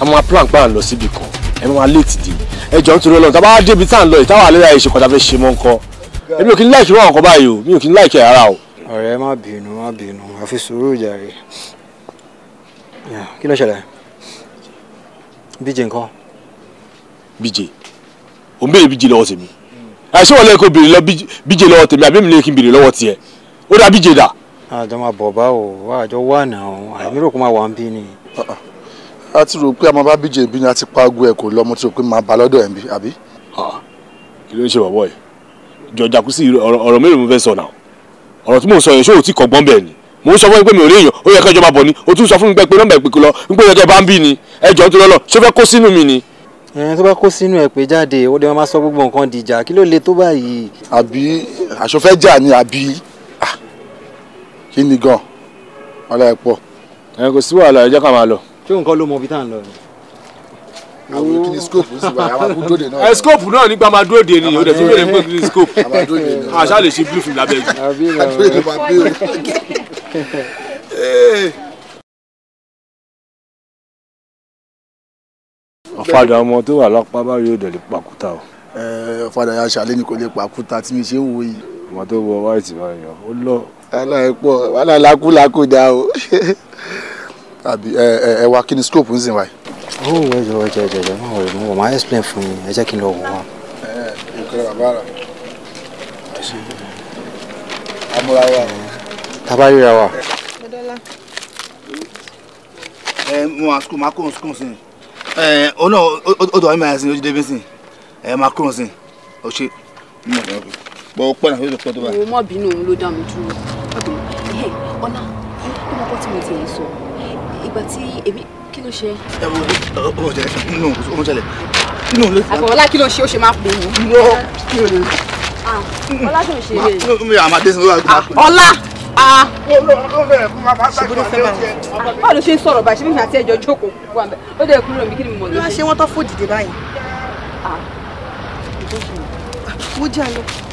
Àwọn plan gbà ń lọ síbi kan. Ẹ máa late di. Ẹ jọ nítorí Ọlọ́run tá a bá débi tá à ń lọ yìí táwọn àlẹ́ àyè ṣe kọjá fẹ́ ṣe mọ́ nǹkan. Èmi ò kí ń láìkí wọn ọkọ̀ báyìí o. Mi ò kí ń láìkí ẹ̀ rárá o. Ọ̀rẹ́ má bínú má bínú àfi sùúrù jàre. Kí ló ṣẹlẹ̀? Bíje nǹkan. Bíje, ò ń béèrè Bíje lọ́wọ́ tèmi. Àìsí wọlé kò béèrè lọ Bíje lọ́wọ́ tèmi àbí èmi lè kí n béèrè lọ́wọ́ tiẹ̀. Ó dá Bíje dà àjọ máa bọ̀ báwo àjọ wà náà àìmírò kó máa wà ń bí ni. Ah, ah. a ti rò pé a máa bá bíjè bí ni a ti pa ago ẹ kò lọ mo ti rò pé máa bá lọ́dọ̀ ẹ̀ ń bí àbí. Ah, kí ló ń ṣe bọ̀bọ̀ yìí jọjà kú sí ọ̀rọ̀ mélòó mo fẹ́ sọ náà ọ̀rọ̀ tí mo sọ yẹn ṣé o ti kọ̀gbọ́n bẹ́ẹ̀ ni mo ń sọ fún mi pé mi ò rí èèyàn ó yẹ kẹjọ máa bọ̀ ni o tún sọ fún mi pé nọ́mbà ìpè kò lọ nígbà yẹn kẹ bá ń bì ni ẹjọ́ tó lọ́lọ́ ṣé fẹ́ kó sínú mi ni. ẹ tó bá kó sínú ẹ pé jáde ó dé máa sọ gbogbo nǹkan dìjà kí ló le tó báyìí. àbí aṣọ fẹ́ jà ni àbí kí ni gan ọlá ẹ pọ̀. ẹ kò sí wàhálà ẹ jẹ́ ká máa lọ. ṣé nǹkan ló mọ ibi tá à ń lọ ni. àwọn kí ni scope ń sìnbà àwọn kú dóde náà. ẹ scope náà nígbà máa dúró de ni o dẹ̀ tó bẹ̀rẹ̀ pé kí ni scope. àṣà lè ṣe blue film lábẹ́ jù. ọ̀fadà ọmọ tó wà lápá báyìí yóò dẹ̀ pàkúta o. ọ̀fadà yà ṣàlẹ́ ni kò lè pàkúta tí mi ṣe ń wo yìí. ọmọ tó wọ wáìtì báyìí ó lọ wàhálà ẹ pọ̀ wàhálà lákúlákú dá o àbí ẹ ẹ ẹ wá kí scope ń sìn wáyé. ó oh, wẹjọ wẹjọ ẹjọ ẹjọ máa wọlé mo máa explain fún yín ẹ jẹ́ kí n lọ wọ wa. ẹ ẹ nǹkan bàbá rà amúra wa. tábà ríra wa. ẹ mo máa sukùn máa kóhùn sukùn sí i ẹ ọ náà ó dọ̀ ọ́ mi máa sin ojú débi sìn ẹ o kóhùn sí i ó ṣe. bọ̀ ọ pẹ́ náà ó yẹ mo mọ̀ bínú òun mi dúró ọ̀nà bí mo bọ́ tí mo ti yẹ sọ ìgbà tí èmi kí ló ṣe. ẹ wo ọmọ jẹ nínú ọmọ jẹlẹ nínú ilé. àkànwọlá kí ló ṣe ó ṣe máa pè mí. lọ kí ló dé. Ah, ọlá tó ń ṣe eré. Ah, ọlá ah! báwo ló ṣe ń sọ̀rọ̀ báyìí ṣe bí mi àti ẹjọ́ jókòó wà mẹ́ ó dẹ̀ kúrò mi kí ni mo lè ṣe. wọ́n ṣe wọ́n tán fò dìde báyìí. mo jẹ́ àlọ́.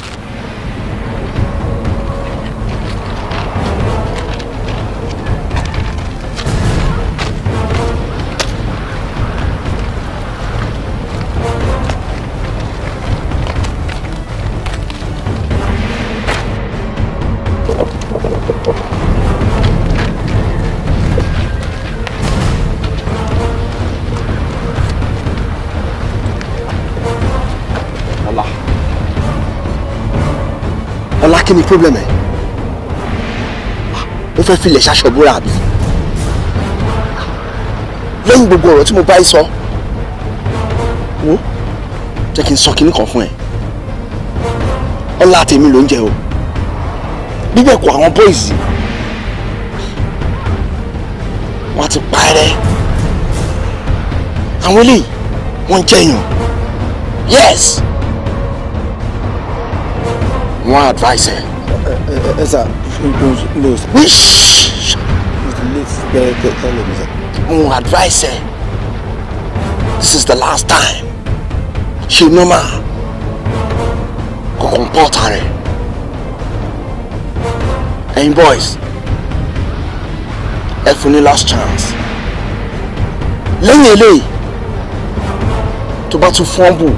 ọlá kí ni problem ẹ ó fẹ́ filẹ̀ ṣaṣọ́búra àbí lẹ́yìn gbogbo ọ̀rọ̀ tí mo bá yín sọ wo jẹ́ kí n sọ kinní kan fún ẹ ọlá tèmi ló ń jẹ o bíbẹ̀ kọ àwọn boys wọ́n ti pa ẹrẹ́ àwọn eléyìí wọ́n ń jẹyàn yes. One advice ẹ. ẹ ẹ sà no sà. wíṣ. wọ́n advice ẹ this is the last time ṣe normal kò comport her. ẹyin boys ẹ only last chance lẹ́yìn eléyìí tó bá tún fọ́nbù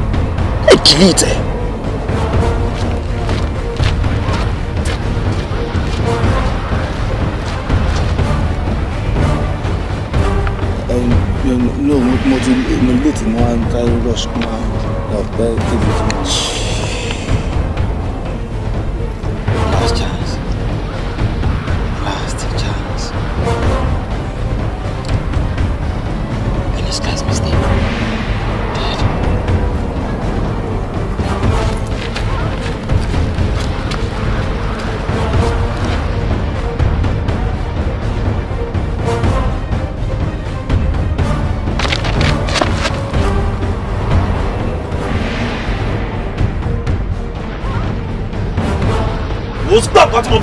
ẹ delete ẹ. and I lost my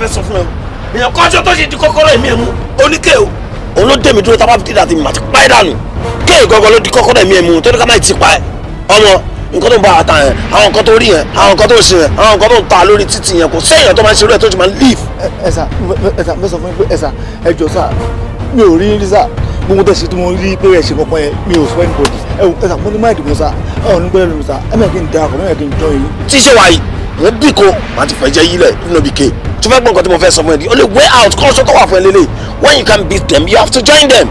fẹ́ sọ fún ẹ o èèyàn kan ṣe tó ṣe di kọ́kọ́rọ́ ẹ̀mí ẹ̀ mú oníkè o òun ló dé mi dúró tábà dídà ti màtí pa ẹ̀ dànù kéè gọ́gọ́ ló di kọ́kọ́rọ́ ẹ̀mí ẹ̀ mú tó ní ká má ti pa ẹ̀ ọmọ nǹkan tó ń bá ata yẹn àwọn nǹkan tó rí yẹn àwọn nǹkan tó ń ṣe yẹn àwọn nǹkan tó ń ta lórí títì yẹn kò séèyàn tó máa ń ṣerú ẹ̀ tó ti máa ń leave. ẹ̀sà ẹ̀sà mẹ́sà fún mi pé ẹ̀sà ẹ̀jọ̀ sà mi ò rí rí sà gbogbo tẹ̀sí tí mo rí pé ẹ̀ṣẹ̀ kankan yẹn mi ò sọ anybody ẹ̀sà mo ní má ìdìbò sà ọ̀hún ní gbẹ́rẹ́ lómi sà ẹ̀mẹ̀ kí n darapọ̀ mẹ́rin kí n jọ yìí. tíṣe wàyí mo bí ko màá ti fẹ́ jẹ́ yílẹ̀ nínú ibi kéè tó fẹ́ gbọ́ nǹkan tí mo fẹ́ sọ fún ẹ o lè way out kọ́ńsọ́ tó wà fún ẹ lélẹ̀ when you can beat them you have to join them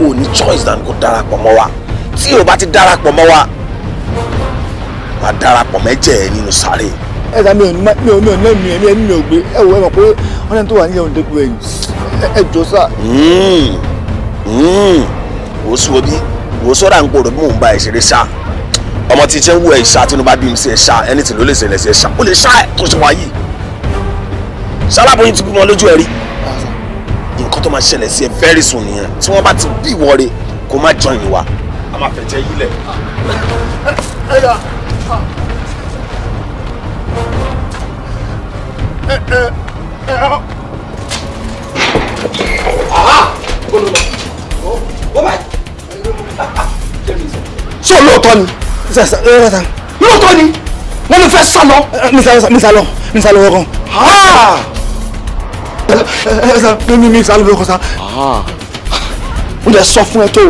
o ní choice than kó darapọ̀ mọ́ wa tí o bá ti darapọ̀ mọ́ wa wà á darapọ̀ mẹ́jẹ̀ ẹ nínú sáré. ẹ ta mi ò mi ò mi ò náà mi ẹ̀mí ẹ̀mí mi ò gbé ẹ wò ẹ mọ̀ pé wọ́n náà tó wà nílẹ̀ òǹdẹ́gbò ẹ̀yìn ẹ jọ sá. Hmm, hmm. wò ó sún omi wò ó sọ́ra ń gbòòrò bí mò ń bá ẹ ṣeré sá ọmọ tí jẹ́ ń wú ẹ ìṣá tí inú bá bí mi sí ẹ ṣá ẹni tí ló lè ṣẹlẹ̀ sí ẹ ṣá ó lè ṣá ẹ tó ṣe wáyé ṣaláboyún ti kú mọ lójú ẹ rí nǹkan tó máa ṣẹlẹ̀ sí ẹ very soon nìyẹn tí wọ́n bá ti bí ìwọ re kó má join wa a máa fẹ̀jẹ̀ yí lẹ̀. ṣé olóòótọ́ ni eh, lóòótọ́ ni wọ́n ló fẹ́ sálọ. mi sálọ mi sálọ mi sálọ wọ́n kan ẹ sá mímí mi sá lóko sá. mo jẹ sọ fún ẹ tó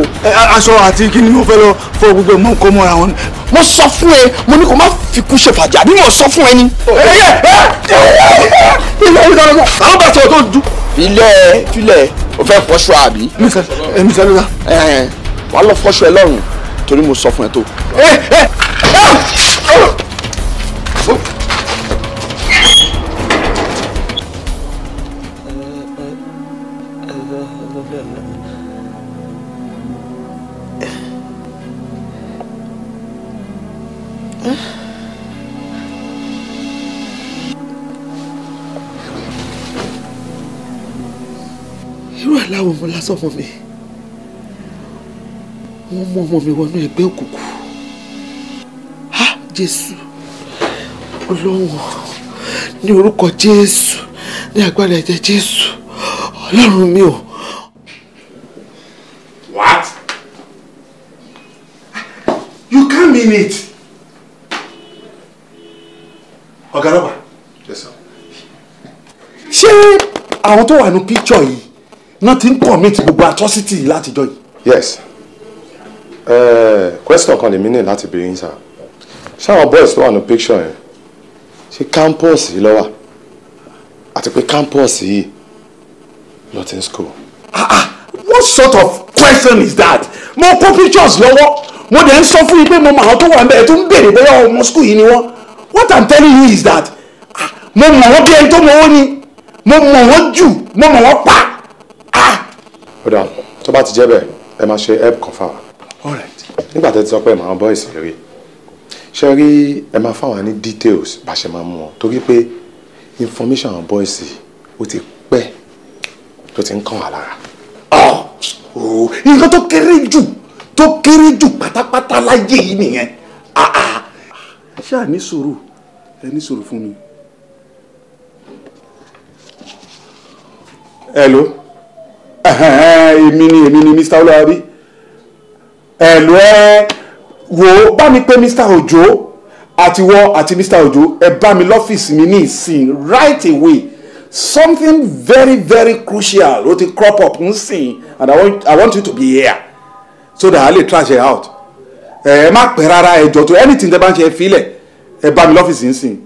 aṣọ àti kí ni mo fẹ́ lọ fọ gbogbo mọ nǹkan mọ́ra wọn. mo sọ fún ẹ mo ní kó má fi kú ṣe fàjà bí mo sọ fún ẹ ni. àwọn bàtà tó dùn. filẹ filẹ o fẹ́ fọṣọ àbí. mi sẹ mi sẹ ló sá. wàá lọ fọṣọ ẹ lọ́rùn torí mo sọ fún ẹ tó. sọ mi wọ́n mú ọmọ mi wọnú ẹgbẹ́ òkùnkùn á jésù ọlọ́run ní orúkọ jésù ní agbára ẹ̀jẹ̀ jésù ọlọ́run mi ò. what you can't mean it. ọ̀gá ọlọ́pàá. ṣé àwọn tó wà ní píkṣọ̀ yìí náà ti ń commit gbogbo atrocity yìí látijọ́ yìí. yes eh, question kan lèmi ní láti béèrè sá ṣáwọn boys tó wà ní picture yẹn ṣé campus yìí ló wà àti pé campus yìí ló ti ń school. Ah, ah what sort of question is that mo kó pictures lọ́wọ́ mo dẹ̀ ń sọ fún yín pé mo mọ àwọn tó wà níbẹ̀ tó ń béèrè bóyá ọmọ school yìí ni wọ́n what i'm telling you is that ah, mo mọ̀ wọ́n bí ẹni tó mọ̀ wọ́n ni mo mọ̀ wọ́n jù mo mọ̀ wọ́n pa ó dà tó bá ti jẹ́ bẹ́ẹ̀ ẹ máa ṣe help kan fáwa nígbà talk with my boy, Sherry. Sherry, ìsìlérí ṣe rí ẹ máa fáwọn ní details bá ṣe máa mú wọn torí pé information àwọn boys ó ti pẹ́ tó oh! ń kàn wá lára. Oh, oh, nǹkan tó kéré jù tó pata jù pátápátá láyé yìí nìyẹn. Ah, ah. ṣáà ní sùúrù ẹ ní sùúrù fún mi. hello èmi ni èmi ni mr olúwarí ẹ̀lú ẹ wò ó bá mi pé mr òjò àtiwọ àti mr Ojo. ẹ bá mi lọ́fíìsì mi ní ìsìn right away something very very crucial ó ti crop up ń sìn and I want, I want you to be here so that I lè trash it out ẹ má pẹ́ rárá ẹ jọ tó anything tẹ bá ń ṣe fílẹ̀ ẹ bá mi lọ́fíìsì ń sìn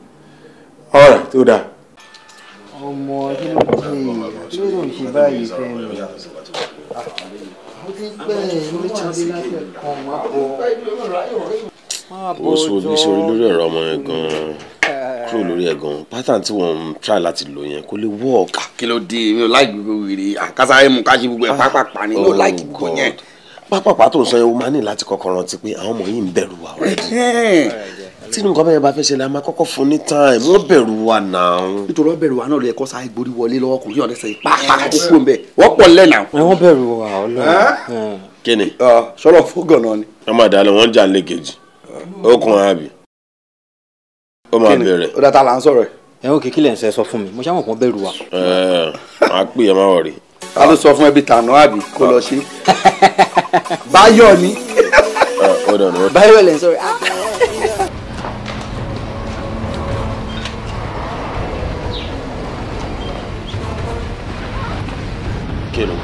all right ó dáa. ọmọ kí ló dé kí ló ń ṣe báyìí fẹ́ mi ó sọ ah, omi sórí lórí ọ̀rọ̀ ọmọ yẹn gan-an eh. kúrò lórí ẹ̀ gan-an pattern tí wọ́n ń try láti lò yẹn kó lè work. Ah, kí ló dé mi ò láì gbogbo wèrè àkàtà ah, ẹ̀ mú ká gbogbo ẹ̀ pápápá ni mi ò oh láì gbogbo yẹn. pápápá tó ń sọ yẹn o máa ní láti kọ́kọ́ rántí pé àwọn ọmọ yìí ń bẹ̀rù wa tí nǹkan bẹ́ẹ̀ bá fẹ́ ṣẹlẹ̀ a máa kọ́kọ́ fún ní time wọ́n bẹ̀rù wa náà. nítorí wọ́n bẹ̀rù wa náà ló yẹ kó sáré gborí wọlé lọ́wọ́ kò yọ̀ lẹ́sẹ̀ pàápàá kó kúrò ń bẹ̀ wọ́n pọ̀ lẹ́nà. wọ́n bẹ̀rù wa ọlọ́run. kíni. sọlọ fúgàn náà ni. wọ́n máa dalẹ̀ wọ́n jà lẹ́gẹ̀jì ó kàn án àbí ó máa bẹ̀rẹ̀. ó dàtà là ń sọ̀rọ̀ ẹ̀. ẹ̀hún kìkì lẹ̀ ń sẹ́ sọ fún mi mo ṣáà mọ̀ pọ́n bẹ̀rù wa. ẹ̀ẹ́n máa pè é má wọ̀ rí. a ló sọ fún ẹbí tànà àbí kó lọ ṣe. báyọ̀ ni. báyọ̀ lẹ̀ ń sọ̀rọ̀ ah. okay no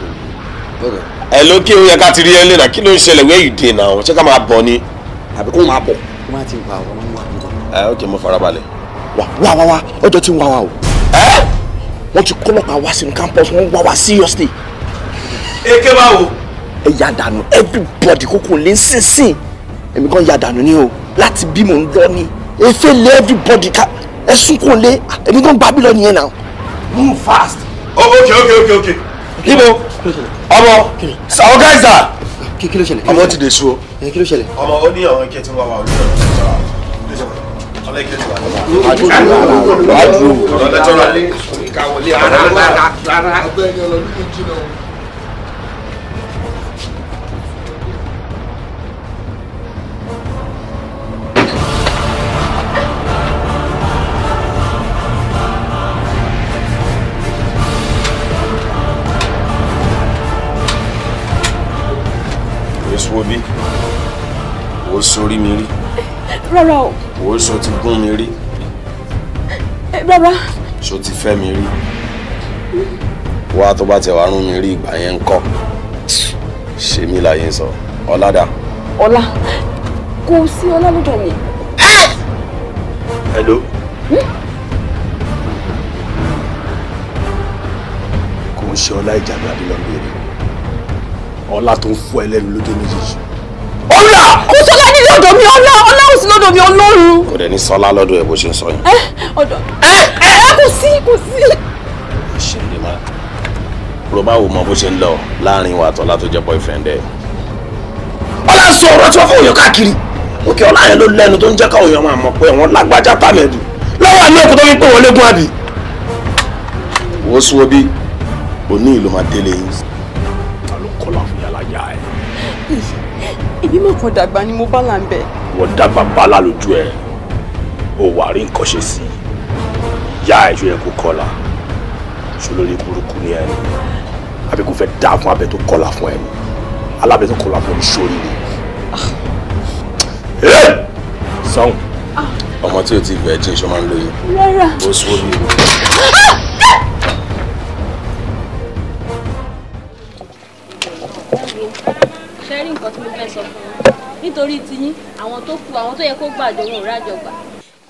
good. ẹ lókè ó yẹ ká ti rí ẹ lẹ́nà kí ló ń ṣẹlẹ̀ where you dey now ṣé ká máa bọ̀ ni. àbí kó máa bọ̀. kó máa ti wà wà wà wà. ẹ ok mo farabalẹ̀. wà wà wà wà ọjọ́ tí ń wà wà o. ẹ wọ́n ti kọ́lọ́pàá wá sínú campus wọ́n wá wá seriously. eke báwo. ẹ yà dànù everybody kókò lè sínsìn èmi kan yà dànù ni o láti bí mò ń lọ ni efe lé everybody ká ẹ sún kò lé èmi kan gbà bí lọ nìyẹn náà move fast. oh okay okay okay okay ibo ọmọ àwọn gáìsà ọmọ ti dé su o. kí ló ṣẹlẹ̀. ọmọ ó ní àwọn ike tí wọn wà orí ọ̀rọ̀ ọ̀rọ̀ ọ̀rọ̀ ọ̀rọ̀ wo bí wò ó sorí mi rí. rárá o. wò ó so ti gún mi rí. rárá. so ti fẹ́ mi rí. wá tó bá tẹ̀ wá rún mi rí ìgbà yẹn ń kọ́ ṣe mí láyé sọ ọ̀làdà. ọ̀la kò sí ọlá lọ́dọ̀ mi. hello. Hmm? kò ń ṣe ọlá ìjàgbá bí lọ́gbẹ̀rẹ̀ ọlá tó ń fọ́ ẹ lẹ́nu lójó méjèèjì. ọlá kò sọlá ní lọ́dọ̀ mi ọlá ọlá ò sí lọ́dọ̀ mi ọlọ́run. kò dẹ̀ ní sọlá lọ́dọ̀ ẹ bó ṣe ń sọ yẹn. ẹ ọ̀dọ̀ ẹ ẹ kò sí kò sí. ṣe lè má ro báwo mọ bó ṣe ń lọ láàrin wa àtọ́lá tó jẹ́ boyfriend ẹ. ọlá sọ ọ̀rọ̀ tí wọ́n fọwọ́ yọ káàkiri òkè ọlá yẹn ló lẹ́nu tó ń jẹ́ káwọn èèyàn máa mọ̀ pé ṣebí mọ̀ kan dàgbà ni mo bá là ń bẹ̀. wọ́n dàgbà bálá lójú ẹ̀ ó wà rí nǹkan ṣe sí i ìyá ẹ̀yọ́ ẹ̀ kò kọ́la ṣolórí burúkú ni ẹ̀ àbí kò fẹ́ dáa fún abẹ tó kọ́la fún ẹ̀ alábẹ tó kọ́la fún ìṣòrí ni. sọ́hùn ah. ọmọ tí o ti fẹ́ jẹ́ ìṣọ́ máa ń lóye. rárá. ó sọ mi. rí nǹkan tí mo fẹ́ sọ fún yín nítorí tiyín àwọn tó kù àwọn tó yẹ kó gbàjọ wọn ò rájọ gbà.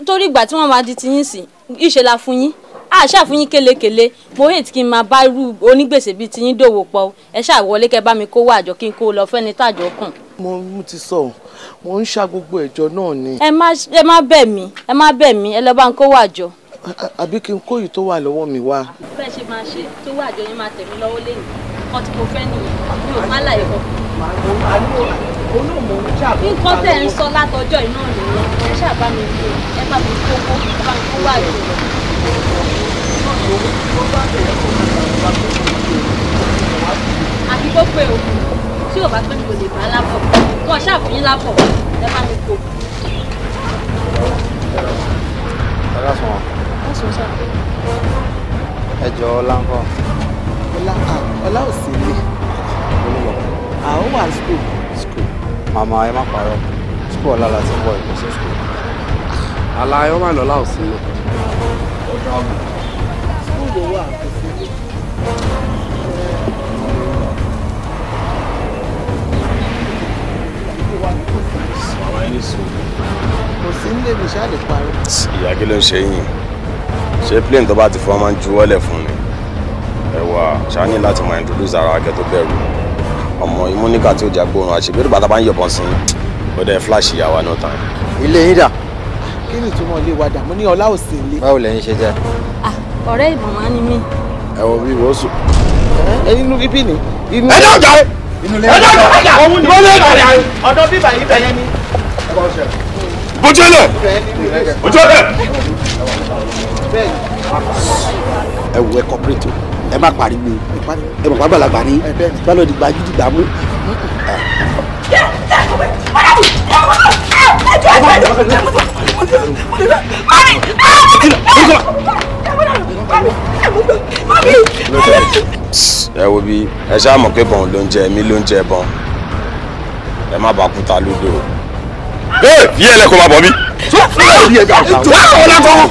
nítorí ìgbà tí wọ́n máa di tiyín sí ìṣe la fún yín a ṣáà fún yín kélekèle mo hate kí n máa bá irú onígbèsè bíi tiyín dòwò pọ̀ ẹ ṣáà wọlé kẹ́ bá mi kówó àjọ kí n kó lọ fẹ́ni tàjọ kàn mo ti sọ mo ń ṣa gbogbo ẹjọ́ náà ni. ẹ má ẹ má bẹ̀ mí ẹ má bẹ̀ mí ẹ lọ bá ń kó wà àbí kí n kó yìí nǹkan tí mo fẹ́ nìyẹn mi ò má láyé kọ. nǹkan tẹ̀ ń sọ látọjọ́ iná nìyẹn ẹ ṣáà bá mi fi ẹ bá mi kókó ẹ bá mi kó wà jù. àbí kó pé o tí ò bá pé mi ò lè bá lápò kó ṣáà yín lápò ẹ bá mi kó. ẹ jọ ọlá ń ọlá ọlá ò sí ilé àwọn wà school. school màmá ẹ má parọ́ school ọlá la ti bọ̀ ẹ̀kọ́ sí school. àlà ẹ má lọ́lá ò sí ilé. school ló wà kò sí ilé. kò sí nílé mi ṣáà lè parí. ìyá kí ló ń ṣe yín ṣé plane tó bá ti fọ́ máa ń juwọ́lẹ̀ fún ni ẹwà ṣáà ní láti máa introduce ara akẹ́ tó bẹ̀rù ọmọ imúníkà tí ó jà gbóòórùn àṣìbẹ́rù bàtà bá ń yọ̀bọ̀n sí ó dẹ́ flash ìyàwó náà tán. ilé yín dà. kí ni ìtumọ̀ ilé wa dà mo ní ọlá òsì ilé. báwo lẹ́yìn ṣe jẹ́. Ah, ọ̀rẹ́ ìmọ̀mọ́ ni mí. ẹ wo bí wọ́n sùn. ẹ inú bíbí ni. ẹ náà jà ẹ náà jà ẹ náà jà ọ̀dọ̀ bíbà yìí bẹ̀yẹ ni. bójú ẹlẹ bójú ẹlẹ. ẹ wo ẹ kọ́pẹ́rẹ́tì o ẹ má pariwo ẹ mọ̀ pàgbàlagbà ni bálọ̀ dìgbà gidigba mú. ẹ wo bí ẹ ṣáà mọ̀ pé bọ̀n ló ń jẹ èmi ló ń jẹ bọ̀n ẹ má bàa kúta lódò. ee yí ẹ lẹkọọ máa bọ mi. tó o lọ rí ẹgbẹ́ àgbà. tó o lọ gbọ́.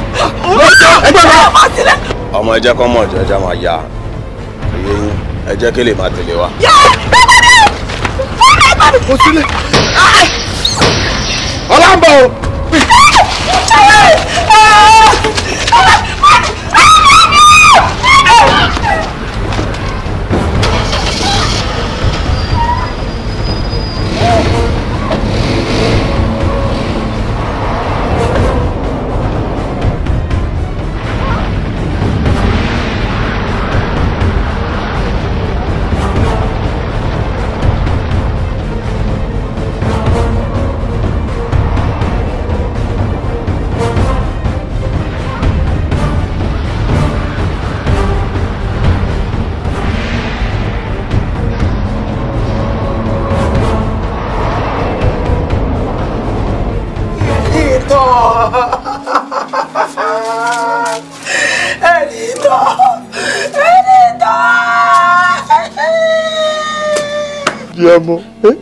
ẹgbẹ́ àgbà ọmọ ẹjẹ kan mọ ọjọ ẹjẹ máa yá iye yín ẹjẹ kí lè máa tẹ̀lé wa. mo sílẹ̀ ọlá ń bọ̀ o.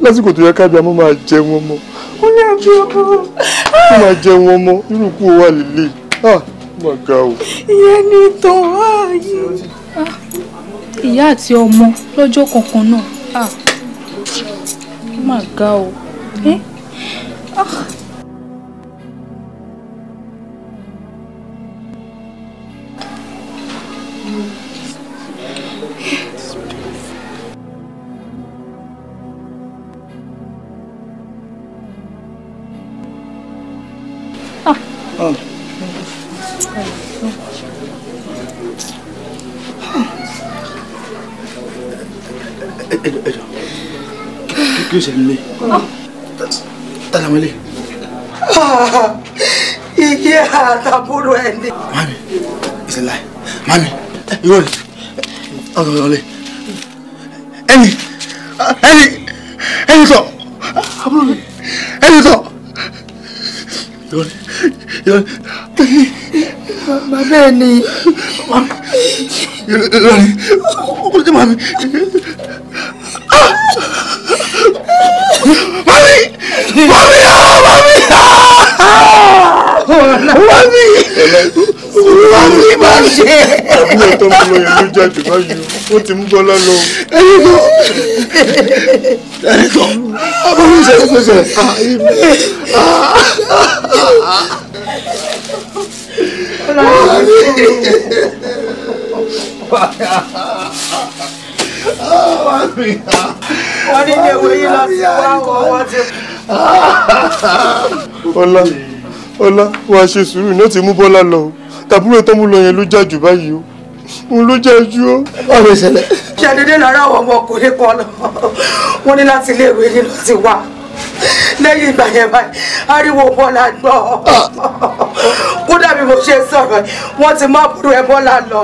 lásìkò tó yẹ kábíà mo máa jẹ wọn mọ ó ní àbí ọmọ mo máa jẹ wọn mọ irú kú wà lílé ah mà ga o. ìyẹn ni ìtàn ààyè. Ah, ah, ìyá àti ọmọ lọ́jọ́ kankan náà ah mà ga o. kí ló ṣẹlẹ̀ lé tàlámẹ́lẹ́. ìyé àtàbúrò ẹ̀ ní. mami it's a lie mami irọ́ ni ọ̀rọ̀ ọ̀rọ̀ lẹ́yìn. bàbá ẹ ni. lọ́ni kò sí màmí. màmí màmí yá màmí yá màmí màmí má ṣe. àbúrò tó ń lọ yẹn ló jáde báyìí ó ti mú bọ́lá lọ. ẹni tó ẹni tó ọmọ mi ṣe é ṣe ṣe. mi. wọ́n ní ìwé yìí lọ sí wáwọ̀ wọ́n ti. ọlá ọlá wàá ṣe sùúrù ní ó ti mú bọ́lá lọ o tàbúrò tó mú lọ yẹn ló jà jù báyìí o òun ló jẹ́ ojú ó. ọ̀rọ̀ ìṣẹ̀lẹ̀. ṣàdédé lára àwọn ọmọkùnrin kan lọ wọ́n ní láti iléèwé yìí lọ sí wa lẹ́yìn ìgbà yẹn báyìí ariwo bọ́lá gbọ́. Ah bí mo ṣe sọ̀rọ̀ wọ́n ti má burú ẹ bọ́lá lọ.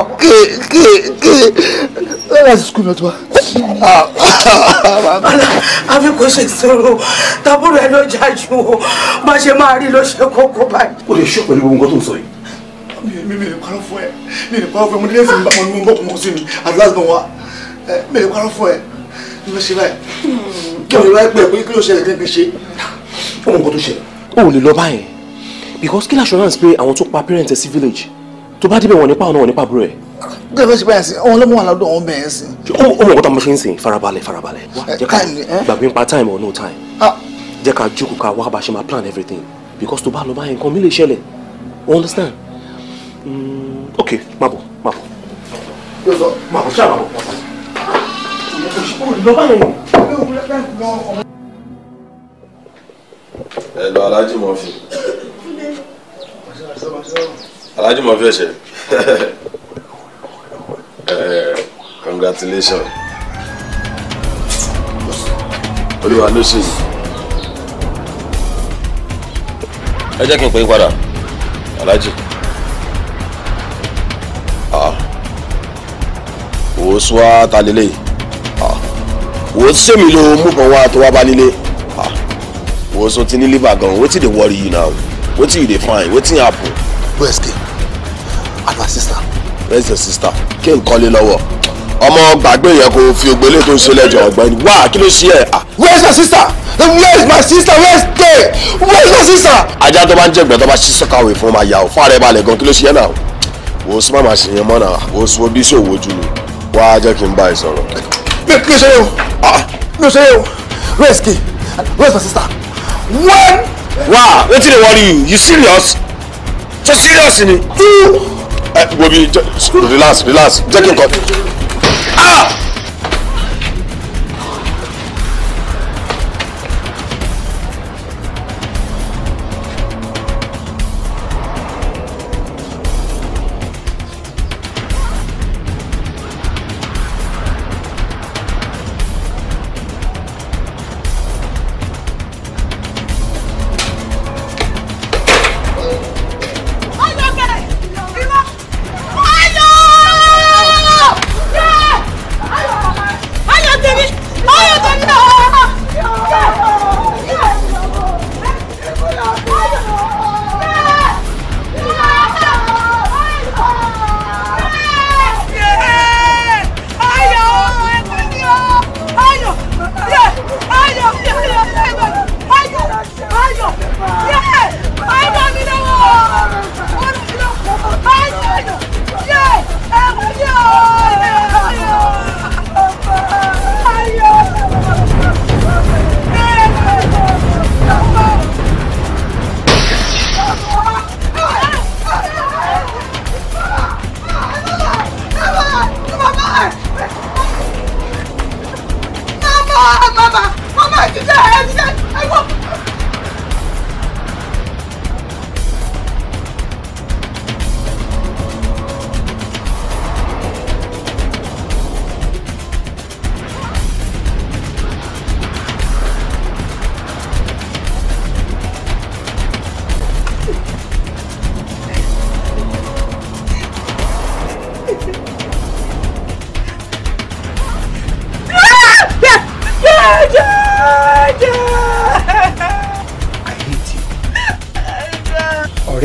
lọ́la ti sùkúlù ọ̀tún wa. àbí kò ṣe sọ̀rọ̀ tàbúrò ẹ ló já ju o bá ṣe máa rí ló ṣe kókó báyìí. o lè ṣe pẹ̀lú gbogbo nǹkan tó ń sọ yìí. mi mi lè parọ́ fún ẹ mi lè parọ́ fún ẹ mo ní lẹ́sìn bá wọn ní mo bọ́ kọ́ sí mi àdúrà sí wa mi lè parọ́ fún ẹ mi lè ṣe báyìí kí ló ṣe báyìí pé kí ló ṣẹlẹ̀ kí ló ṣe. ó mọ nǹkan tó ṣẹlẹ̀. o ò lè lọ báyìí because kí l'assurance pé àwọn tó pa parent ẹ sí village tó bá débẹ̀ wọ́n nípa ọ̀nà wọ́n nípa àbúrò ẹ̀. gbé lọ sí báyà sí ọ̀hún lọ́mọ wà lọ́dọ̀ ọ̀hún bẹ̀rẹ̀ sí. ó mọ̀ nǹkan tá a mọ̀ ṣe ń sìn farabalẹ̀ farabalẹ̀ eh? gbàgbé nípa time or no time ah. jẹ́ ká jókòó ká wá bá ṣe máa plan everything because tó bá lọ báyìí nǹkan mi lè ṣẹlẹ̀ you understand mm, ok má bọ̀ má bọ̀ má bọ̀ ṣáà má bọ̀ lọ ẹ lọ alájí mọ́fì. Alhaji mo fẹ́ eh, Congratulations. Olúwa ló ṣe yìí. Ẹ jẹ́ kí n pè é padà, Alhaji. Ah. Wò ó sún wá ta lélẹ̀ yìí. Wò ó sèmi ló mú kan wá tó wá bá lílé. Ah. Wò ó sún ti ní liver gan, wetin dey worry you now? wetin you dey find wetin happen. is kane and my sister. where's your sister kane kọ́lé lọ́wọ́ ọmọ gbàgbé yẹn kò fi ògbélé tó ń ṣe lẹ́jọ́ ọ̀gbẹ́ni wá kí ló ṣe ẹ̀. Ah. where's your sister where's my sister where's kane where's your sister. ajá tó bá ń jẹ̀gbẹ́ tó bá ṣí sọ́kàwé fún ma yà ó fún ara ẹ̀ balẹ̀ gan kí ló ṣe ẹ̀ náà wò ó sì má má ṣe yẹn mọ́ náà wò ó sì wo bí sí òwò jù lọ wá jẹ́ kí n bá ẹ sọ̀rọ̀. mi kì í ṣe yẹn o ah, mi ò ṣe yẹn o where's kane where's my sister when Wow, wetin dey worry you? You serious? So serious ni? Ẹ wo bi relax relax jẹ́ kí n kọ́. Ah!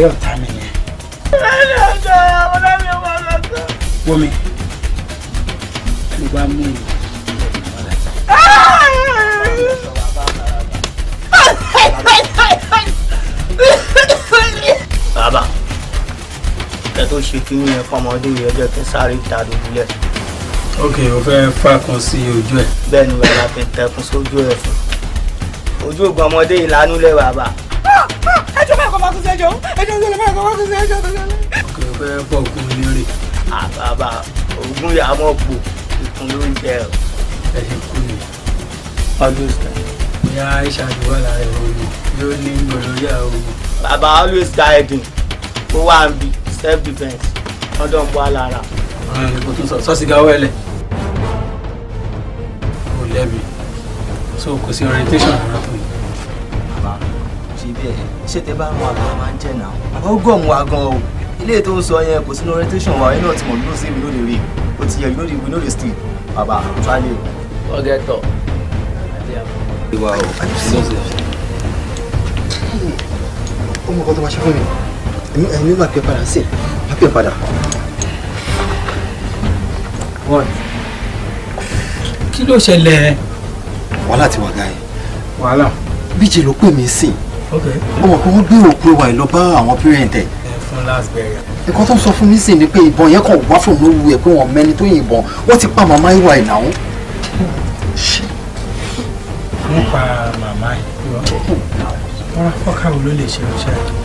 ọ̀rẹ́ ọ̀tá mi yẹn. wọ́mi ló bá mú mi. bàbá ẹ tó ṣe kí wọ́n yẹn fọmọdé yẹn jẹ́ kí sáré ta lójú lẹ̀. ok o fẹ́ fàkùn sí ojú ẹ̀. bẹ́ẹ̀ ni bàbá fi tẹkun sójú ẹ̀ fún ojú ògbọ́n ọmọdé yìí bàbá ẹjọ́ ẹjọ́ ṣẹlẹ̀ báyìí kọ́ wá sí ṣe ẹjọ́ tó ṣẹlẹ̀. kí lórí. àbàbà ah, ògùn yà á mọ̀ pò ìkun ló jẹ ọ. ẹ ṣe kú mi. always time. ìyá aisha ti wà lára yóò ní gbòòrò bàbá always guiding ó wà ń bi self defence ọdọ̀ ń bọ́ àlàra. Ah, kò tún sọ sọ́sìgá wẹ́lẹ̀ kò lẹ́bi so kò sí orientation rárá tó yẹ bẹ́ẹ̀ ṣé tẹ bá ń wọn àgbà máa ń jẹ́ náà ó gọ̀ọ̀mù wa gan o ilé tó ń sọ yẹn kò sínú orientation wa iná tí mo lò sí mi ló rí o ti yẹ lórí we no dey steal bàbá tálẹ̀. ọgẹ tọ ìwà o àdìsí ọmọ kan tó máa ṣe fún mi ẹni máa pè padà sí máa pè padà. kí ló ṣẹlẹ̀. wàhálà ti wà gáyé. wàhálà. bíjì ló pè mí sìn ọmọ pé wọ́n gbé òkú wa lọ bá àwọn parent ẹ̀ ẹ̀kọ́ tó ń sọ fún mi sì ni pé ìbọn yẹn kàn wá fún mi wúwo pé wọ́n mẹ́ni tó yìnbọn wọ́n ti pa màmá ìwà ẹ̀ náà. nípa màmá ìwà wọn fọ́kàwé ló lè ṣe ọṣẹ́ rẹ̀.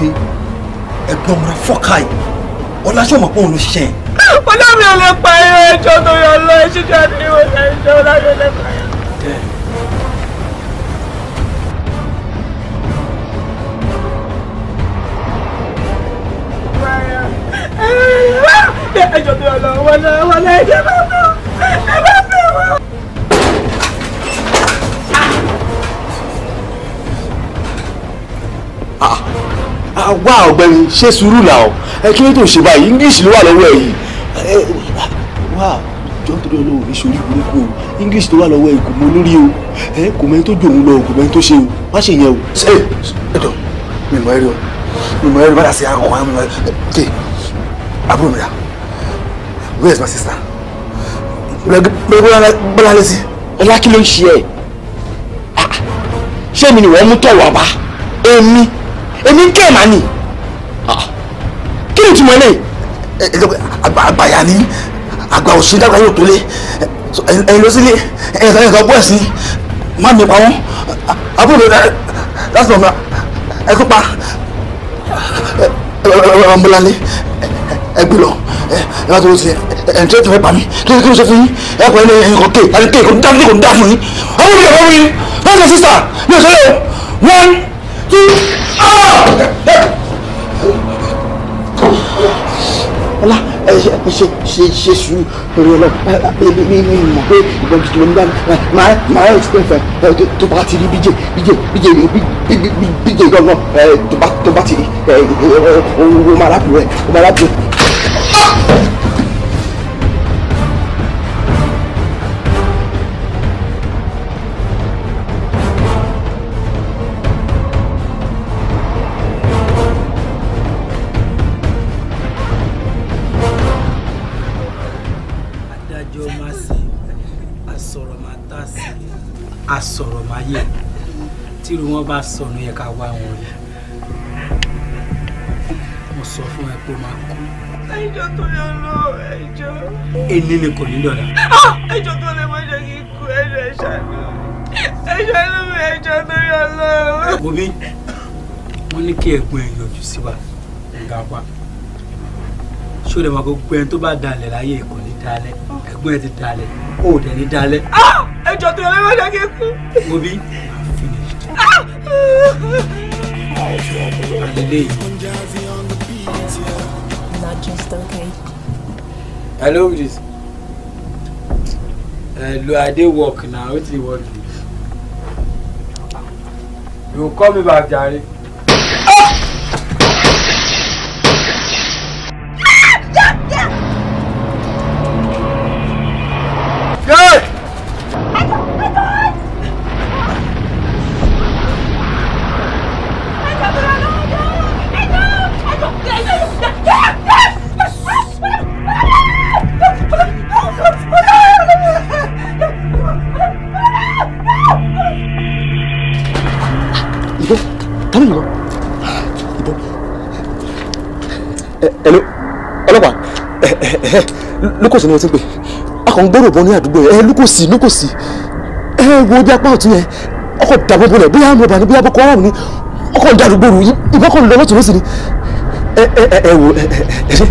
pé ẹ̀gbọ́n ọmọ fọ́ka yìí ọlásùnmọ̀ pé òun ló ṣiṣẹ́ yẹn. ọlọ́run ò lè pa irọ́ ẹjọ́ tó yọ lọ ìṣíjà ní ìwòsàn ìṣẹ́ ọlọ́run ò lè pa irọ́. ẹjọ́ tó yọ lọ wọn náà wọn náà ẹjẹ́ bá bá. wá ọ̀gbẹ́ni ṣé sùúrù là ọ ẹ kí ló tó ṣe báyìí english ló wà lọ́wọ́ ẹ yìí wá jọ nítorí ọlọ́run ní sórí burúkú o english tó wà lọ́wọ́ ẹ kò mọ lórí o ẹ kò mẹ́ni tó jòun lọ kò mẹ́ni tó ṣe o má ṣe yẹn o. ṣe ẹdọ mi mọ ẹrí o mi mọ ẹrí bára sí àwọn ọmọ ẹ àbúrò mi rà where is my sister bọ́lá lẹ́sí. ọlá kí ló ń ṣe ẹ ah, ah. ṣé mi ni wọ́n mú tọ̀wọ̀ àbá èmi èmi ń kẹ́ ẹ̀ máa nì kí ni ìtumọ̀ eléyìí àgbàyà ni àgbà òṣì dàgbà yóò tó lé ẹ̀yin ló sílé ẹ̀yin kan ẹ̀ka bọ́ ẹ̀ sí má mi pa wọ́n àbúrò láti ọ̀nà ẹ̀kú pa ọ̀nbọ̀lálé ẹgbẹ́ lọ ẹ bá tó lọ sí ẹ ǹjẹ́ tó fẹ́ pa mí kí ló ṣe fún yín ẹ kọ́ ẹni ẹ̀yin kan kéè àti kéè kò dá fún yín kò dá fún yín ọmọ mi ò wọ́n wí yín báyìí sísà mi ò sọ́yọ́ one two ṣe sùúrù lórí ọlọ mi bá sọnù yẹ ká wá wọn rí mo sọ fún ẹ pé ó máa kú. ẹjọ́ tó lè lọ ẹjọ́. ẹni ni kò ní dọ̀la. Ah! ẹjọ́ tó lè má jẹ́ kí n kú ẹjọ́ ìṣàánú ẹjọ́ inú mi ẹjọ́ tó yọ lọ. bobi wọn ní kí ẹ̀gbọ́n ẹ yọjú sí wa nga wa ṣó lè mọ gbogbo ẹni tó bá dalẹ̀ láyé kò ní dalẹ̀ ah. ẹ̀gbọ́n ẹ ti dalẹ̀ ó dẹ̀ ní dalẹ̀. Ah! ẹjọ́ tó lè má jẹ́ kí n kú. bobi. Not I love this. Hello, I dey work now. What do you want? You You come back, Jare. lúkòsì ni mo ti pè akọ̀ ń gbọ́dọ̀ bọ́ ní àdúgbò yẹn ẹ lúkòsì lúkòsì ẹ wo bí apá ọ̀tún yẹn ọkọ̀ dàbò bolẹ̀ bóyá mo bà ní bóyá boko haram ni ọkọ̀ dàrúgbòrò ìbọ̀kọ̀ lọ́wọ́ tó lọ́sìn ni ẹ ẹ ẹ wò ẹ ẹ ṣe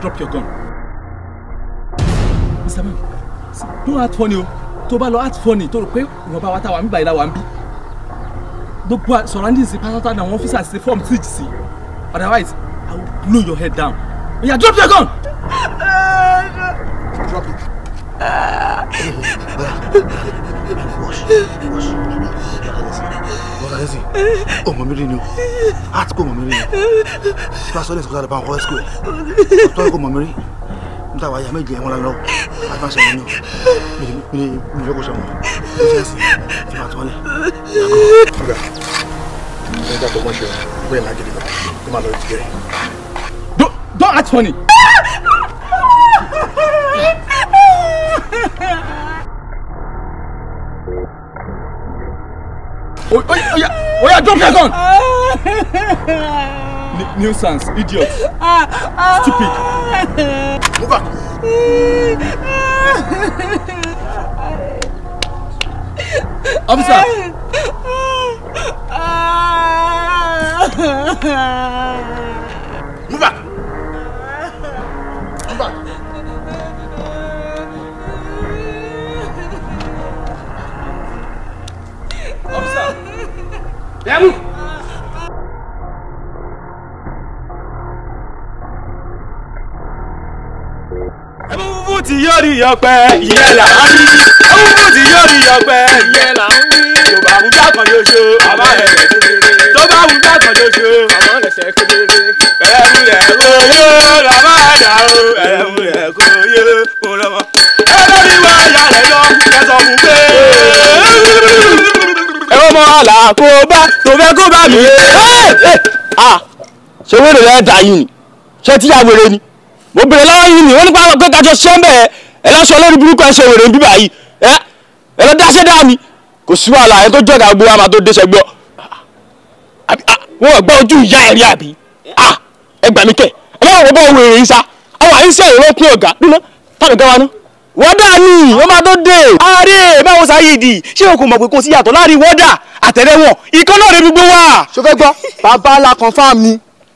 drop your gun. Mr. Man, don't act funny o. Tó bá lọ act funny tó rò pé ìwọ̀nba wa táwa ń gbà ìlà wa ń bí. Gbogbo surroundings pátá náà wọ́n físà ṣe form siege sí. Otherwise, I will blow your head down. Oya drop your gun! Drop it. Wash, wash, wash, wash, wash, wash, ọmọ mi rí ni o kò mọ̀ mí rí ni bá sọ́lẹ̀ sọ́kọ́ sáré bá ọkọ̀ ẹ́sìkò ẹ̀ ọ̀tọ́ ẹ̀ kò mọ̀ mí rí níta wàá méje ẹ̀ wọ́n lọ àfàṣẹ mi ni mi ni mi fẹ́ kó sọ mọ́ mi fẹ́ sí ti máa tọ́lẹ̀ yàgò. ọ̀gá ẹ̀ka tó mọ̀ ṣe bóyá náà gidi kan tó máa lọ ti gẹ̀rẹ́. Don't act funny. Oya, drop your gun. Nuisance, idiot, stupid. Move back. Officer. Ah. yóò rí ọpẹ́ ìyẹn là ń rí owó tí yóò rí ọpẹ́ ìyẹn là ń rí tó bá wù dákan yóṣo àmọ́ ẹ̀rẹ̀ kékeré tó bá wù dákan yóṣo àmọ́ ẹ̀sẹ̀ kékeré ẹ̀rù rẹ̀ kò yó lọ́mọ ẹ̀dá o ẹ̀rù rẹ̀ kò yó kò lọ́mọ. ẹlẹ́rìí wá ya rẹ̀ lọ kẹsàn-án fún pé. ẹ wọ́n mọ àlà kó bá tó fẹ́ kó bá mi. Ah! ṣé wọ́n lè rẹ́ dà yìí ni ṣé tíyàwó rẹ ni mo bèrè lọ́wọ́ yìí ni wọ́n nípa pé kájọ ṣẹ́ ń bẹ̀rẹ̀ ẹ lọ́sọ lórí burúkú ẹsẹ̀ wèrè ń bíbà yìí ẹ ẹ lọ dáṣẹ́ dá mi kò sí wàhálà ẹ tó jọ̀gà gbogbo àmà tó déṣẹ́ gbọ́ wọn ò gbọ́ ojú ìyá ẹ̀rí àbí ẹ gbà mí kẹ̀ ẹ bá wọn bọ́ wèrè sa àwọn àyíṣẹ́ ìrọ́ pín ọ̀gá dúná táwọn ìgbà ná wọ́dà ni wọ́n máa tó dé. ààrẹ báwo sáyéèdì ṣé o kò mọ̀ pé kò sí yàtọ̀ láàrin wọ́dà àtẹ̀rẹ̀wọ̀n ìkànnà rẹ̀ gbogbo wa. ṣọfẹ́ gbọ́ bàbá la confam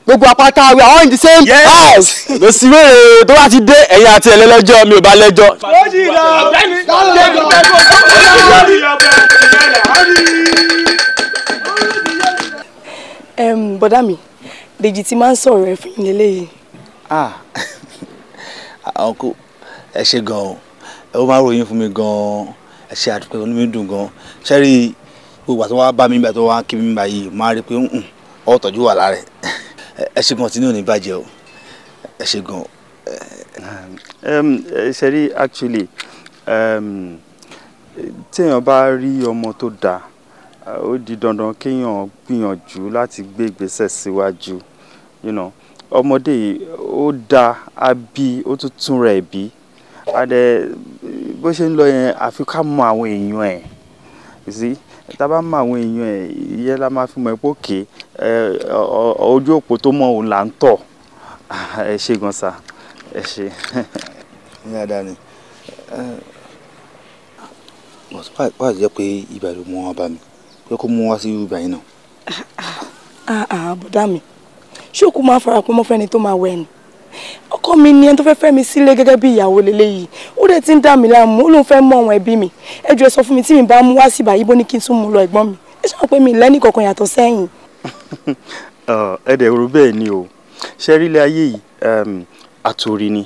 gbogbo apáta we are all in the same yes. house. lọ sí wèrè tó bá ti dé ẹ̀yin àti ẹ̀ lẹ́lẹ́jọ́ mi ò bá lẹ́jọ́. bọ́dá mi dèjì ti máa ń sọ̀rọ̀ ẹ̀ fún ilé yìí. ọ̀nkú ah, ẹ ṣe gan-an ẹ ó máa ròyìn fún mi gan-an ẹ ṣe àdúpẹ́ inú mi dùn gan-an ṣẹ́rí gbogbo àti wọn bá mi gbà mi gbà yìí máa rí i pé ọ̀tọ̀jú wà lára ẹ̀. ẹ ṣe gan tinú ò o ẹ ṣe actually téèyàn bá rí ọmọ tó dáa ó di dandan kéèyàn gbìyànjú láti gbé ìgbésẹ̀ síwájú you know ọmọdé yìí ó da abí ó tún tún rẹ̀ bí adẹ bó ṣe ń lọ yẹn àfi ká mọ àwọn èèyàn ẹ̀ tá a bá mọ àwọn èèyàn ẹ̀ ìyẹn la máa fi mọ̀ ẹ́ pé ojú òpó tó mọ̀ òun là ń tọ̀ ẹ ṣe gan sa ẹ ṣe. ní adani wà á jẹ́ pé ibà ló mú wọn bá mi pé kó mú wá sí ibà yìí náà. àbùdá ah, ah, ah, mi ṣé òkú máa fara pamọ́ fẹ́ni tó máa wẹ̀ ni ọkọ mi ni ẹni tó fẹ́ fẹ́ mi sílé gẹ́gẹ́ bí ìyàwó lélẹ́yìí ó dẹ̀ ti ń dà mí láàmú ó lóun fẹ́ mọ àwọn ẹbí mi ẹ jù ẹ sọ fún mi tí mi bá mú wá sí ibà bó ní kí n tún mú lọ ẹ̀gbọ́n mi ẹ ṣáà pé mi lẹ́nìí kankan yàtọ̀ sẹ́yìn. ẹ dẹ̀ rú bẹ́ẹ̀ ni o ṣe rí ilé ayé yìí àtòrí ni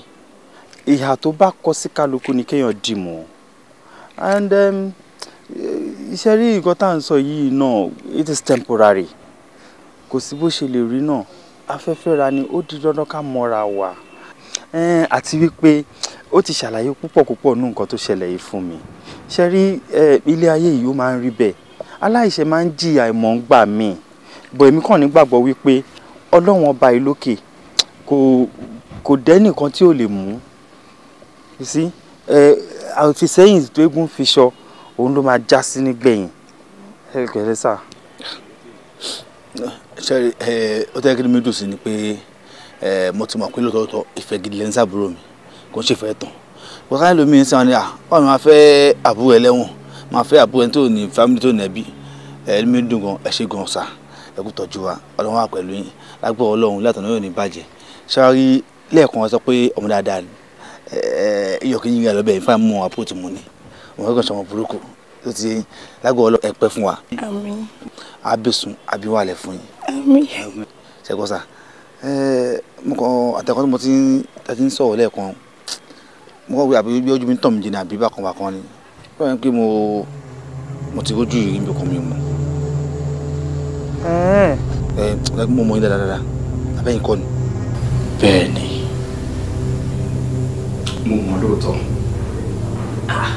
ìhà tó bá kọ sí kálukú ni kéèyàn dì mọ́ and iṣẹ́ rí nǹkan tá à ń sọ yìí náà it is temporary kò sí bó ṣe lè rí náà afẹ́fẹ́ ra ni ó di dandan ká mọ́ra wa àti wípé ó ti ṣàlàyé púpọ̀ púpọ̀ nù nǹkan tó ṣẹlẹ̀ yìí fún mi ṣe rí ilé ayé yìí ó máa ń rí bẹ́ẹ̀ aláìṣẹ̀ máa ń jìyà ìmọ̀ ń gbà míì bọ̀ èmi kàn nígbàgbọ́ wípé ọlọ́run ọba ìlókè kò kò dẹ́nìkan tí ò lè mú sí ẹ àfisẹ́yìn tó eégún fi sọ òun ló máa já sí nígbẹ̀yìn ẹ kẹlẹ sà. ṣe ẹ ó tẹ́ kí ni mi dùn sí ni pé ẹ mo ti mọ̀ pé lọ́tọ̀ọ̀tọ̀ ìfẹ́ gidi lẹ́nu sábúrò mi kò ń ṣe fẹ́ tán wọ́n ká lómi sàn ni à wọ́n máa fẹ́ àbúrò ẹlẹ́wọ̀n máa fẹ́ àbúrò ẹni tó ní fámìlì tó ní ẹbí ẹ mi dùn gan ẹ ṣe gan sáà ẹ kú tọ́jú wa ọlọ́run wà pẹ̀lú yín lágbọ́ ọlọ́run látọ̀nà yóò ní bàjẹ́ ṣáárí lẹ́ẹ̀kan sọ pé ọmọ dáadáa ni iyọ̀ kí n yíyan lọ́bẹ̀ ìfá mú àpò tí mo ní òun kẹ́kọ̀ọ́ sọmọ burúkú tó ti lágbọ́ ọlọ́run ẹ pẹ́ fún wa. àmín. abẹ́sùn abíwálẹ̀ fún yín. àmín. ṣẹ́gbọ́sà mo kàn àtẹ̀kọ́ tí mo ti ń sọ̀rọ̀ lẹ́ẹ̀kan mo kàn wí àbí bí ojú mi tàn mí jìnnà àbí bákan bákan ni báyọ̀ pé mo mo ti rójú ìrìn bí ọkàn mi mọ̀. Eh. ẹ ẹ mo mọ yín dáadáa abẹ́yìn kọ́ ni. bẹ́ẹ̀ ni mo mọ lóòótọ́ ah.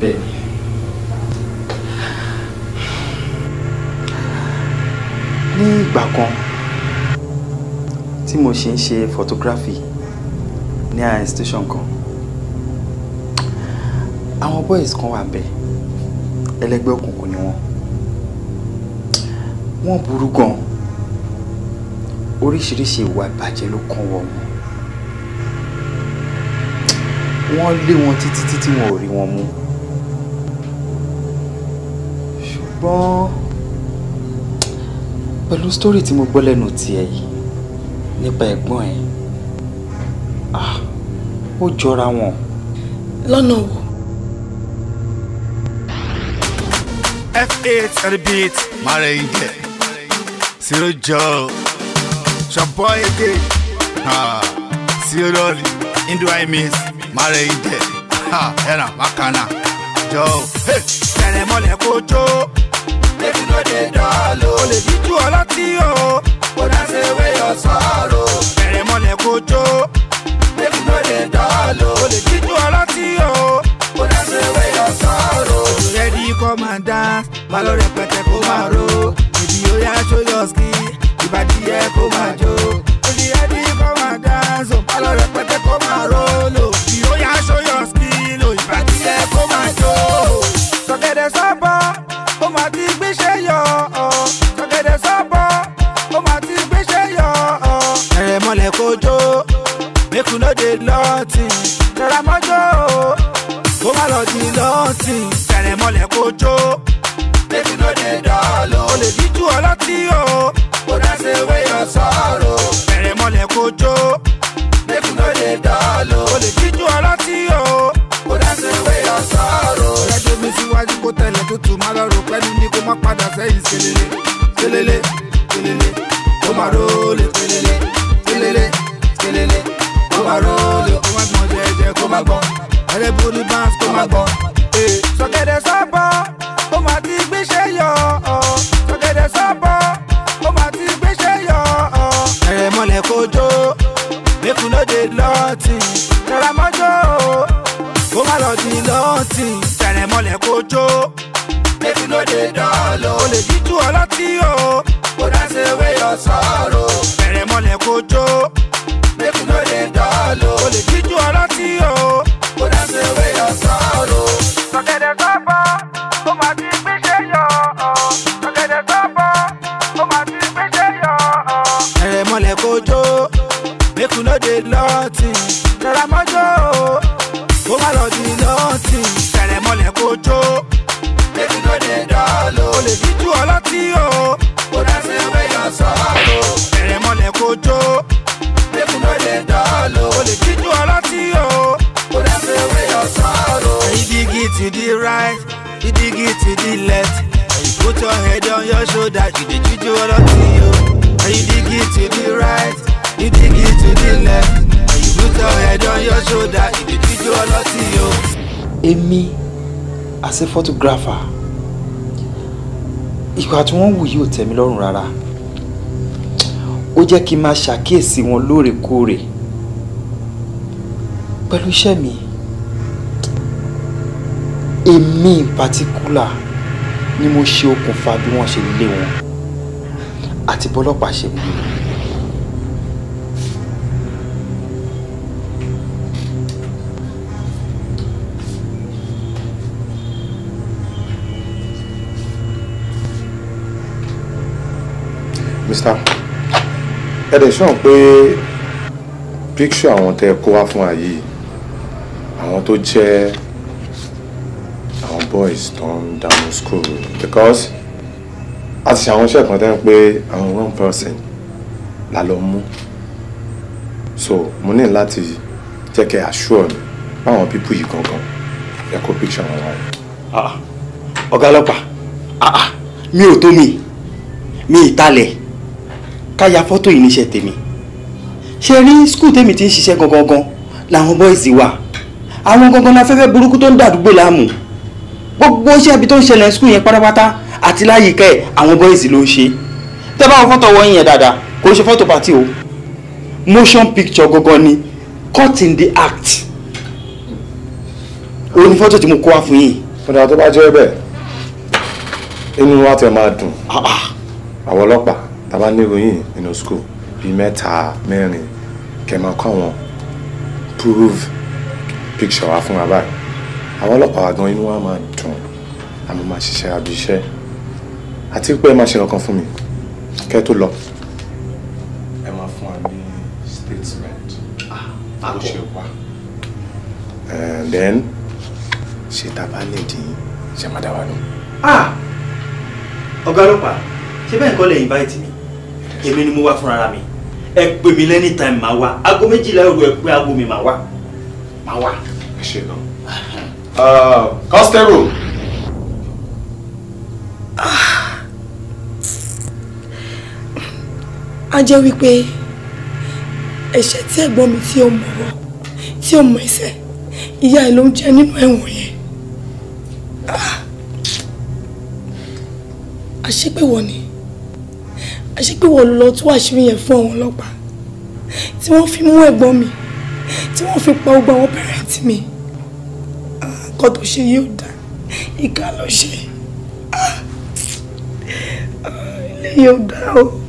bẹ́ẹ̀ ni. ní ìgbà kan tí mo ṣe ń ṣe photography ní àwọn station kan àwọn boys kan wà bẹ́ẹ̀ ẹlẹgbẹ́ òkùnkùn ni wọ́n wọ́n burú gan oríṣiríṣi ìwà ìbàjẹ́ ló kàn wọ́n mu wọ́n lé wọn títí títí wọn ò rí wọn mú ṣùgbọ́n pẹ̀lú sítórì tí mo gbọ́ lẹ́nu tiẹ̀ yìí nípa ẹ̀gbọ́n ẹ̀ ah, ó jọra wọn. lọ́nà wo. F8 at the beat. Mare Zero Joe, Champagne Day, ah, Zero Indo I miss, Mare Ide, ah, Era Makana, Joe. Hey, Ceremony Kojo, Baby no dey dolo, Ole Jitu Olati o, Ona se we your sorrow. Ceremony Kojo, Baby no dey dolo, Ole Jitu Olati o ó dá sí ìwé yọ sọ́ọ̀rọ̀. Ojú rẹ̀ di commandant, máa lọ rẹpẹtẹ kó máa ro. Ìdí ó yá show your skill, ìbàdí ẹ kó máa jó. Ojú rẹ̀ di commandant, so máa lọ rẹpẹtẹ kó máa ro. Ìdí ó yá show your skill, ìbàdí ẹ kó máa jó. Sọ̀gẹ̀dẹ̀ sábà, ó máa ti gbéṣẹ́ yọ. Sọ̀gẹ̀dẹ̀ sábà, ó máa ti gbéṣẹ́ yọ. make you no dey lọ́tìn. dancing sẹ̀rẹ̀mọlẹ̀ kò jó. baby no dey dull o. o lè díjú ọlọ́tí o. kò dá sí ewé yọ sọ́ọ̀rọ̀. sẹ̀rẹ̀mọlẹ̀ kò jó. baby no dey dull o. o lè díjú ọlọ́tí o. kò dá sí ewé yọ sọ́ọ̀rọ̀. ọ̀rẹ́jọ́ mi síwájú kó tẹ̀lé tútù má lọ rò pẹ́ni ní kó má padà sẹ́yìn sẹ́lẹ̀lẹ̀ sẹ́lẹ̀lẹ̀ sẹ́lẹ̀lẹ̀ ó má rólé sẹ́lẹ̀lẹ̀ sẹ́lẹ̀lẹ̀ sẹ́lẹ̀lẹ̀ ó má rólé ó má gbọ́n jẹ́jẹ́ kó má gbọ́n ẹlẹ́bùrú bá kó má gbọ́n. mojo. Make you no dey dull o. Olè jíjú ọlọ́tí o. Kò dá sí ewé yọ sọ́ọ̀rọ̀. Bẹ̀rẹ̀ mọ́lẹ̀ kojo. right, you dig it to the left. And you put your head on your shoulder, you the juju all onto you. And you dig it to the right, you dig it to the left. And you put your head on your shoulder, you the juju all onto you. Èmi as a photographer, ìgbà tí wọ́n wù yìí ò tẹ̀mí lọ́rùn rárá. Ó jẹ́ kí n máa ṣàkíyèsí wọn lóòrèkóòrè pẹ̀lú iṣẹ́ mi èmi in particular ni mo ṣe okùnfà bí wọ́n ṣe lé wọn àti bọ́lọ́pàá ṣe mú mi. mr ẹ dẹ̀ sọ̀rọ̀ pé píkṣọ àwọn tẹ́ kó wá fún wa yìí àwọn tó jẹ́ boys tó ń dààmú school because a ti ṣe àwọn iṣẹ́ kan tẹ́ ń pé àwọn one person la lọ mú so mo ní láti jẹ́ kẹ́ assure mi báwọn pípù yìí gangan ẹ kó picture wọn wáyé. Ah, ọ̀gá ọlọ́pàá ah, ah, mi ò tó mi mi ìtalẹ̀ ká ya fọ́tò yìí níṣẹ́ tèmi ṣe rí skul tèmi ti ń ṣiṣẹ́ gangan làwọn boys wà àwọn gangan la fẹ́fẹ́ burúkú tó ń dàdúgbò láàmú gbogbo iṣẹ́ ibi tó ń ṣẹlẹ̀ skul yẹn pátápátá àti láyìíká ẹ̀ àwọn bọ́ìsì ló ń ṣe tẹ́ bá wọn fọ́tò wọ́n yẹn dáadáa kò ń ṣe fọ́tò pàtì o motion picture gangan ni caught in the act o ní fọ́tò tí mo kó wá fún yìí. fúnra tó bá jẹ́ bẹ́ẹ̀ inú wa tẹ máa dùn ah, ah. àwọn ọlọ́pàá tàbá ní ìròyìn inú skul bíi mẹ́ta mẹ́rin kẹ́ máa kọ́ àwọn prove picture wa fún wa báyìí àwọn ọlọ́pàá gan inú wa máa dùn àmọ́ máa ṣiṣẹ́ àbí iṣẹ́ àti pé ẹ máa ṣe ọkàn fún mi kẹ́ tó lọ. ẹ máa fún wa ní statement ah, bó ṣe wà. Eh, then ṣe tá a bá nídìí ṣe máa dá wa lọ. Ah! ọ̀gá ọlọ́pàá ṣé bẹ́ẹ̀ kọ́ lè invite mi èmi ni mo wá fúnra mi ẹ pè mí lẹ́ni time máa wá aago méjìlá òru ẹ pé aago mi máa wá máa wá. ẹ ṣe gan. Uh, Costello. a jẹ́ wípé ẹ̀ṣẹ̀ tí ẹ̀gbọ́n mi tí ó mọ̀wọ́ tí ó mọ ẹsẹ̀ ìyá ẹ̀ ló ń jẹ nínú ẹ̀wọ̀n yẹn. Ah! àṣepẹ̀wọ̀ ni àṣepẹ̀wọ̀ lọ tú àṣírí yẹn fún àwọn ọlọ́pàá tí wọ́n fi mú ẹ̀gbọ́n mi tí wọ́n fi pa ogbó àwọn pẹ̀rẹ́ǹtì mi nǹkan tó ṣe yóò dá ìkà ló ṣe eléyìí ah, ò dá o.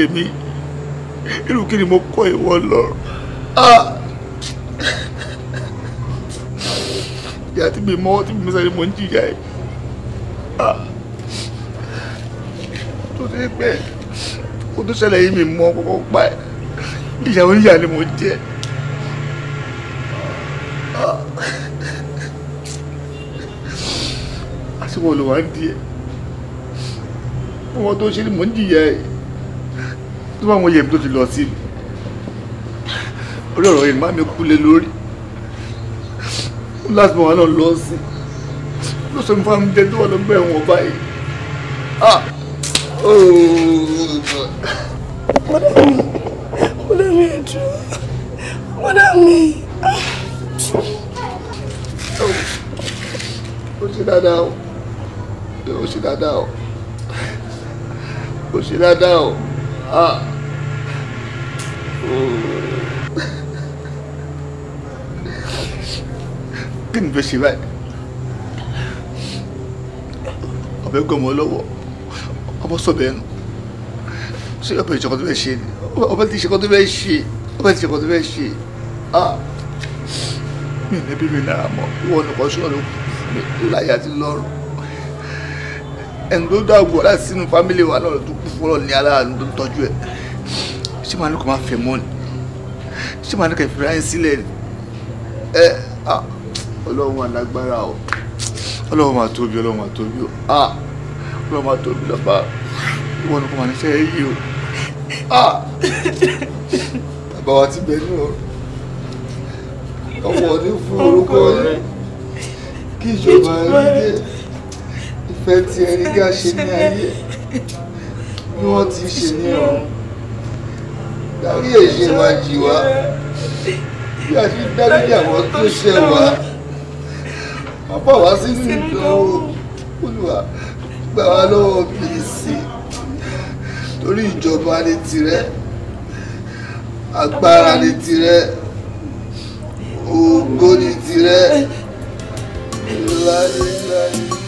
tèmi irú kí ni mo kọ́ ìwọ lọ. Ah! ìyá tí mi mọ́ tí mi sáré mo ń jìyà ẹ̀ ah! tó dé pé kó tó ṣẹlẹ̀ yìí mi mọ́ kókó pa ẹ̀ ìyàwó ìyá ni mo jẹ́. Ah! àsìkò olùwà ń di ẹ̀ wọ́n tó ṣe ni mo ń jìyà ẹ̀ tó bá wọn yẹ ibi tó ti lọ sí orí ọ̀rọ̀ yìí má mi kú lé lórí láti mọ̀ wọn náà lọ sí ló sọ fún mi tó wà lọ́gbà ẹ̀wọ̀n báyìí. Ah! Oh, mọ́dàmí mọ́dàmí ẹ̀dùn mọ́dàmí. Ah. ó ṣe dáadáa ó ṣe dáadáa ó ṣe dáadáa ó. kí ni fẹ́ ṣe báyìí ọbẹ̀ gbọmọ lọ́wọ́ ọmọ sọ̀bẹ̀ ẹnu ṣé ọbẹ̀ ìṣọ̀kan tó fẹ́ ṣe ni ọbẹ̀ ti ṣọ̀kan tó fẹ́ ṣe ọbẹ̀ ti ṣọ̀kan tó fẹ́ ṣe ah mi ní bí mi náà mọ̀ ìwọ nìkan ṣọ́ọ̀rù mi láyé àti lọ́rùn ẹni tó dàgbò láti sínú fámìlì wa náà tó kú fọlọ́ ní aláàánú tó ń tọ́jú ẹ̀ ṣé màá ní kò máa fẹ́ mọ́ ni ṣé màá ní kò ìfìrà yín sílẹ̀ ni ẹ ah ọlọ́run wà lágbára o ọlọ́run máa tóbi ọlọ́run máa tóbi o ah ọlọ́run máa tóbi lọ́ba ìwọ ni kò máa ní sẹ́ ẹ o ah bàbá wa ti bẹ ní o ọmọ ní fún orúkọ rẹ kí ìjọba rí dé ìfẹ́ tí ẹni gá ṣe ní ayé bí wọ́n ti ṣe ní ọ̀run dárí èyí máa jì wá bí a ti dárí àwọn tó ṣẹ̀ wá àbọ̀ wá sínú ìdánwò olúwa gbà wá lọ́wọ́ bíìsì torí ìjọba ni tirẹ̀ agbára ni tirẹ̀ ògo ni tirẹ̀ ńlá ni ńlá ni.